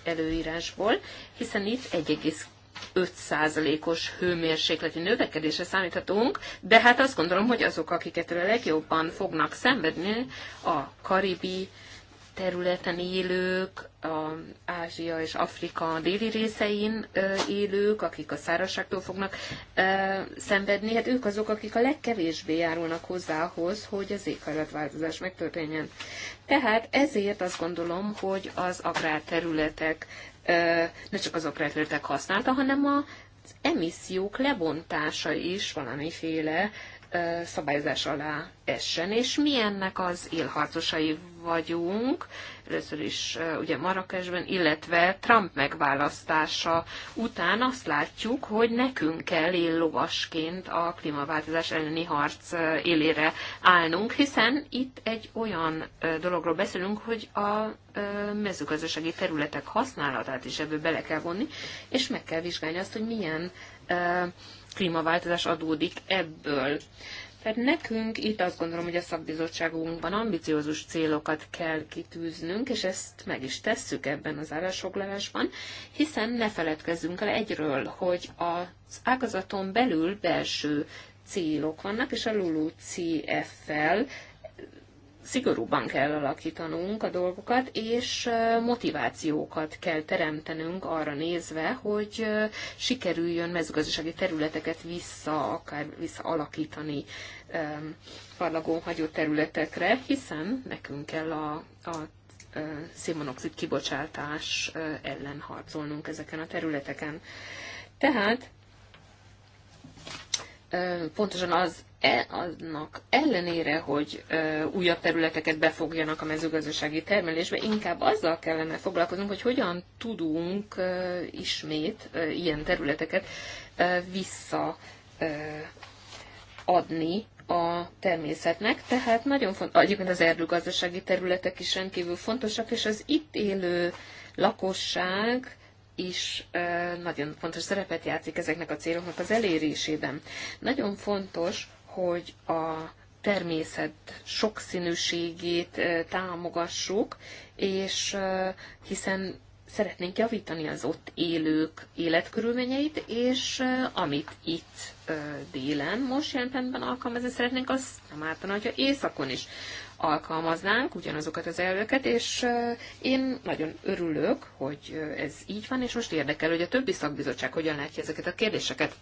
előírásból, hiszen itt 5%-os hőmérsékleti növekedésre számíthatunk, de hát azt gondolom, hogy azok, akiket a legjobban fognak szenvedni, a karibi területen élők, a Ázsia és Afrika déli részein élők, akik a szárazságtól fognak szenvedni, hát ők azok, akik a legkevésbé járulnak hozzához, hogy az éghajlatváltozás megtörténjen. Tehát ezért azt gondolom, hogy az agrárterületek ne csak az agrárterületek használta, hanem a az emissziók lebontása is valamiféle szabályozás alá essen, és mi ennek az élharcosai vagyunk, először is ugye Marrakesben, illetve Trump megválasztása után azt látjuk, hogy nekünk kell lovasként a klímaváltozás elleni harc élére állnunk, hiszen itt egy olyan dologról beszélünk, hogy a mezőgazdasági területek használatát is ebből bele kell vonni, és meg kell vizsgálni azt, hogy milyen klímaváltozás adódik ebből. Tehát nekünk itt azt gondolom, hogy a szakbizottságunkban ambiciózus célokat kell kitűznünk, és ezt meg is tesszük ebben az állásfoglalásban, hiszen ne feledkezzünk el egyről, hogy az ágazaton belül belső célok vannak, és a LULU fel szigorúban kell alakítanunk a dolgokat, és motivációkat kell teremtenünk arra nézve, hogy sikerüljön mezőgazdasági területeket vissza, akár visszaalakítani parlagon hagyott területekre, hiszen nekünk kell a, a szénmonoxid kibocsátás ellen harcolnunk ezeken a területeken. Tehát pontosan az E, annak ellenére, hogy ö, újabb területeket befogjanak a mezőgazdasági termelésbe, inkább azzal kellene foglalkoznunk, hogy hogyan tudunk ö, ismét ö, ilyen területeket ö, visszaadni a természetnek, tehát nagyon fontos, egyébként az erdőgazdasági területek is rendkívül fontosak, és az itt élő lakosság is nagyon fontos szerepet játszik ezeknek a céloknak az elérésében. Nagyon fontos, hogy a természet sokszínűségét támogassuk, és hiszen szeretnénk javítani az ott élők életkörülményeit, és amit itt délen most jelen pillanatban alkalmazni szeretnénk, az nem ártana, hogyha éjszakon is alkalmaznánk ugyanazokat az elveket, és én nagyon örülök, hogy ez így van, és most érdekel, hogy a többi szakbizottság hogyan látja ezeket a kérdéseket.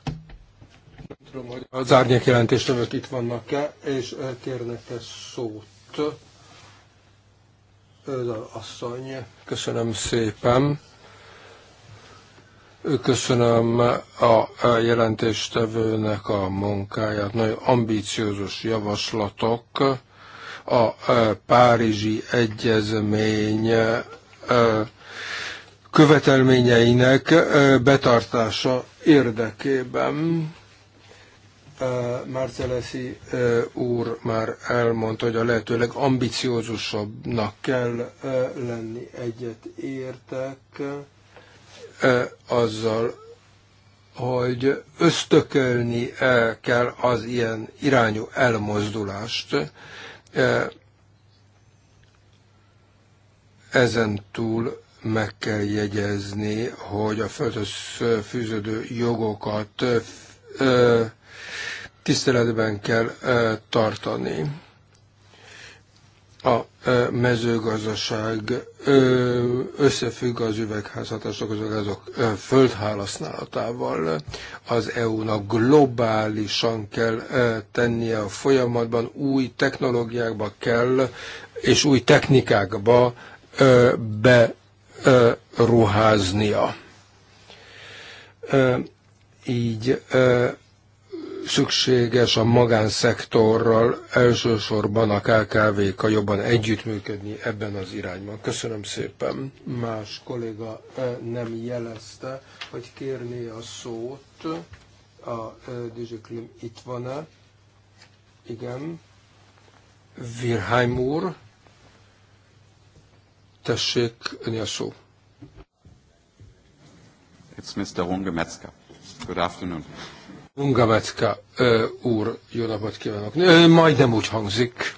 Nem tudom, hogy az árnyék jelentéstevők itt vannak-e, és kérnek-e szót. az asszony, köszönöm szépen. Köszönöm a jelentéstevőnek a munkáját. Nagyon ambíciózus javaslatok. A Párizsi Egyezmény követelményeinek betartása érdekében Marcelesi úr már elmondta, hogy a lehetőleg ambiciózusabbnak kell lenni. Egyet értek azzal, hogy ösztökölni kell az ilyen irányú elmozdulást. Ezen túl meg kell jegyezni, hogy a földhöz fűződő jogokat tiszteletben kell tartani. A mezőgazdaság összefügg az üvegházhatások, azok gázok földhálhasználatával. Az EU-nak e globálisan kell tennie a folyamatban, új technológiákba kell, és új technikákba beruháznia. Így szükséges a magánszektorral, elsősorban a KKV-kkal jobban együttműködni ebben az irányban. Köszönöm szépen. Más kolléga nem jelezte, hogy kérné a szót. A Dizsiklim itt van-e? Igen. Virheim úr, tessék, öni a szó. It's Mr. Runge Metzger. Good afternoon. Ungavetka úr, jó napot kívánok. Ö, majdnem úgy hangzik.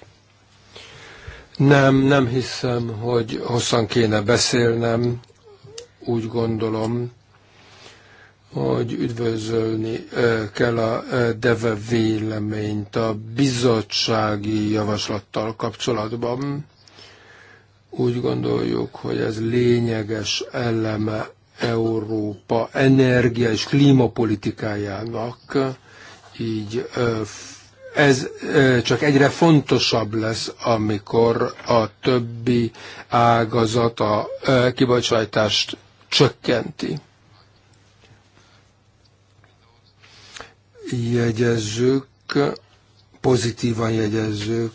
Nem, nem hiszem, hogy hosszan kéne beszélnem. Úgy gondolom, hogy üdvözölni kell a DEVE véleményt a bizottsági javaslattal kapcsolatban. Úgy gondoljuk, hogy ez lényeges eleme Európa energia és klímapolitikájának, így ez csak egyre fontosabb lesz, amikor a többi ágazat a kibocsátást csökkenti. Jegyezzük, pozitívan jegyezzük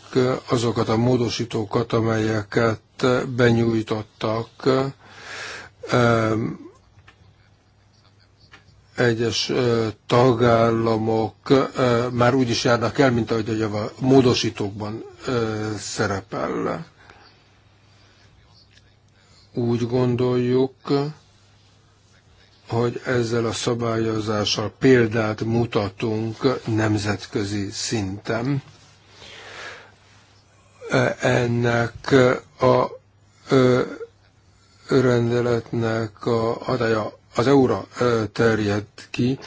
azokat a módosítókat, amelyeket benyújtottak egyes tagállamok már úgy is járnak el, mint ahogy a módosítókban szerepel. Úgy gondoljuk, hogy ezzel a szabályozással példát mutatunk nemzetközi szinten. Ennek a rendeletnek a hatája az euró terjed ki,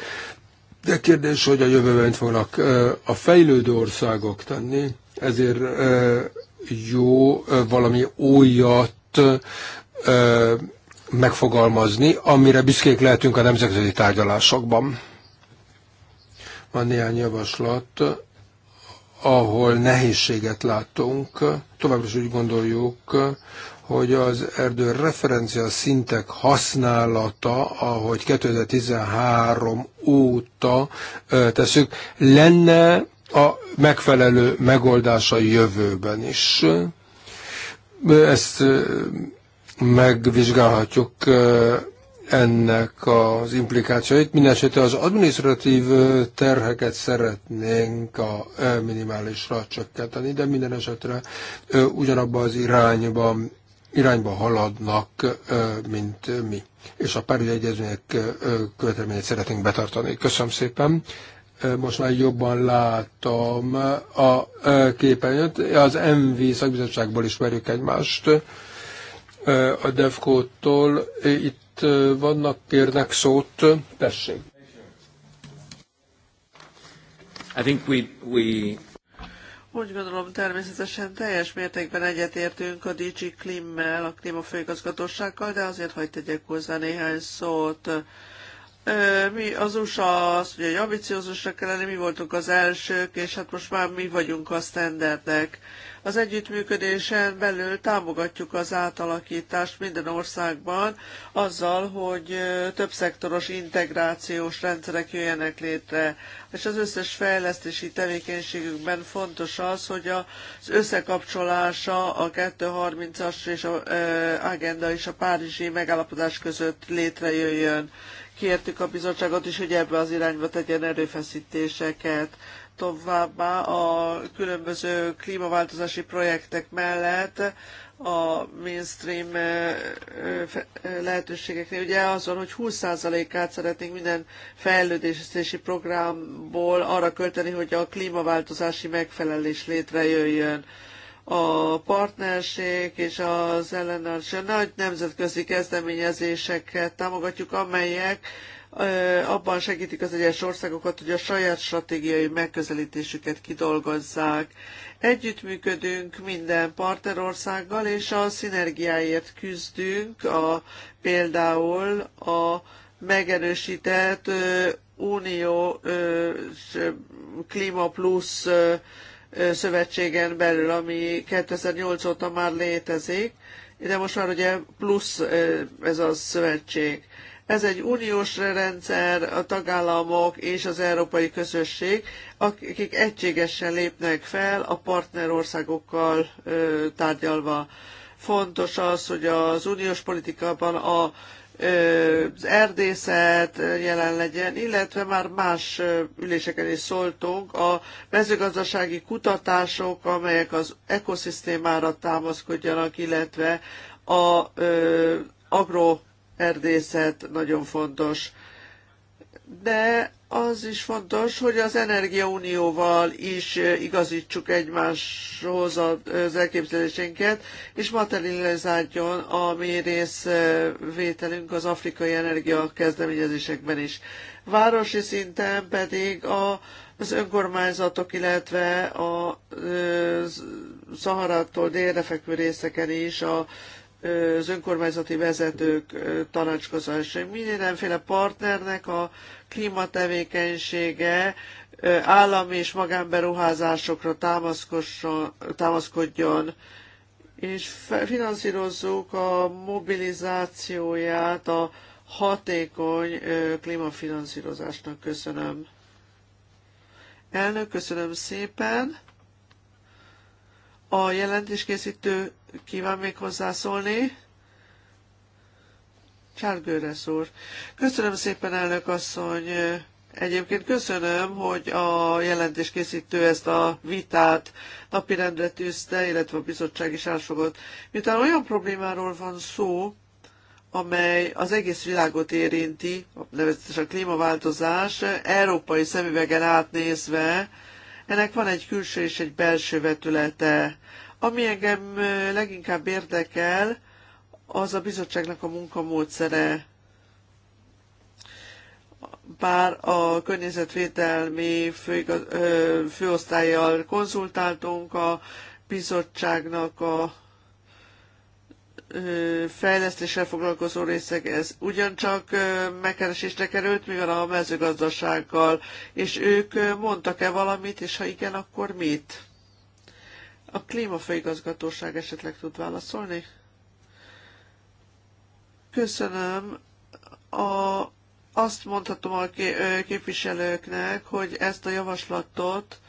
de kérdés, hogy a jövőben fognak a fejlődő országok tenni, ezért jó valami újat megfogalmazni, amire büszkék lehetünk a nemzetközi tárgyalásokban. Van néhány javaslat, ahol nehézséget látunk. Továbbra is úgy gondoljuk, hogy az erdő referencia szintek használata, ahogy 2013 óta teszük, lenne a megfelelő megoldása jövőben is. Ezt megvizsgálhatjuk ennek az implikációit. Mindenesetre az administratív terheket szeretnénk a minimálisra csökkenteni, de minden esetre ugyanabba az irányba irányba haladnak, mint mi. És a Párizsi Egyezmények követelményét szeretnénk betartani. Köszönöm szépen. Most már jobban látom a képernyőt. Az MV szakbizottságból ismerjük egymást. A devkótól itt vannak, kérnek szót. Tessék. I think we, we úgy gondolom, természetesen teljes mértékben egyetértünk a DG Klimmel, a klímafőigazgatósággal, de azért hagyd tegyek hozzá néhány szót mi az USA azt mondja, hogy ambiciózusnak kell lenni, mi voltunk az elsők, és hát most már mi vagyunk a standardek. Az együttműködésen belül támogatjuk az átalakítást minden országban azzal, hogy szektoros integrációs rendszerek jöjjenek létre. És az összes fejlesztési tevékenységükben fontos az, hogy az összekapcsolása a 230-as és a, agenda és a párizsi megállapodás között létrejöjjön kértük a bizottságot is, hogy ebbe az irányba tegyen erőfeszítéseket. Továbbá a különböző klímaváltozási projektek mellett a mainstream lehetőségeknél, ugye azon, hogy 20%-át szeretnénk minden fejlődési programból arra költeni, hogy a klímaváltozási megfelelés létrejöjjön a partnerség és az ellenállás nagy nemzetközi kezdeményezéseket támogatjuk, amelyek abban segítik az egyes országokat, hogy a saját stratégiai megközelítésüket kidolgozzák. Együttműködünk minden partnerországgal, és a szinergiáért küzdünk, a, például a megerősített Unió Klima Plusz szövetségen belül, ami 2008 óta már létezik, de most már ugye plusz ez a szövetség. Ez egy uniós rendszer, a tagállamok és az európai közösség, akik egységesen lépnek fel a partnerországokkal tárgyalva. Fontos az, hogy az uniós politikában a az erdészet jelen legyen, illetve már más üléseken is szóltunk, a mezőgazdasági kutatások, amelyek az ekoszisztémára támaszkodjanak, illetve a agroerdészet nagyon fontos de az is fontos, hogy az energiaunióval is igazítsuk egymáshoz az elképzelésénket, és materializáljon a mi részvételünk az afrikai energia kezdeményezésekben is. Városi szinten pedig a, az önkormányzatok, illetve a Szaharától délre fekvő részeken is a az önkormányzati vezetők tanácskozása. Mindenféle partnernek a klímatevékenysége állami és magánberuházásokra támaszkodjon, és finanszírozzuk a mobilizációját a hatékony klímafinanszírozásnak. Köszönöm. Elnök, köszönöm szépen. A jelentéskészítő kíván még hozzászólni? Csárgőresz úr. Köszönöm szépen, elnök asszony. Egyébként köszönöm, hogy a készítő ezt a vitát napirendre tűzte, illetve a bizottság is elfogott. Miután olyan problémáról van szó, amely az egész világot érinti, nevezetesen a klímaváltozás, európai szemüvegen átnézve, ennek van egy külső és egy belső vetülete. Ami engem leginkább érdekel, az a bizottságnak a munkamódszere. Bár a környezetvédelmi főigaz, főosztályjal konzultáltunk, a bizottságnak a fejlesztéssel foglalkozó részek ez ugyancsak megkeresésre került, mivel a mezőgazdasággal, és ők mondtak-e valamit, és ha igen, akkor mit? A klímafőigazgatóság esetleg tud válaszolni? Köszönöm. A, azt mondhatom a képviselőknek, hogy ezt a javaslatot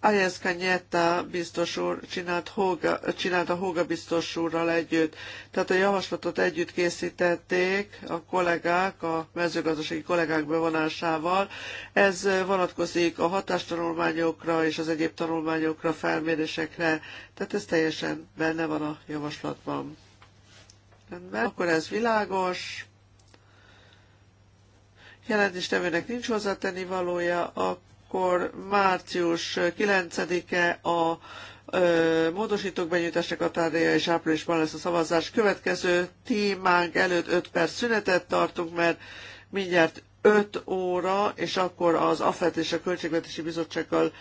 Ayes Kanyetta biztos úr csinált, Hoga, csinált a Hoga biztos úrral együtt. Tehát a javaslatot együtt készítették a kollégák, a mezőgazdasági kollégák bevonásával. Ez vonatkozik a hatástanulmányokra és az egyéb tanulmányokra, felmérésekre. Tehát ez teljesen benne van a javaslatban. Rendben. Akkor ez világos. Jelentéstevőnek nincs hozzátenni valója, akkor akkor március 9-e a módosítók benyújtásnak a tárgya, és áprilisban lesz a szavazás. Következő témánk előtt 5 perc szünetet tartunk, mert mindjárt 5 óra, és akkor az AFET és a Költségvetési Bizottsággal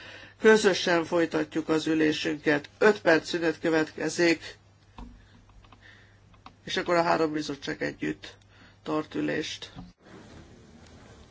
közösen folytatjuk az ülésünket. 5 perc szünet következik, és akkor a három bizottság együtt tart ülést.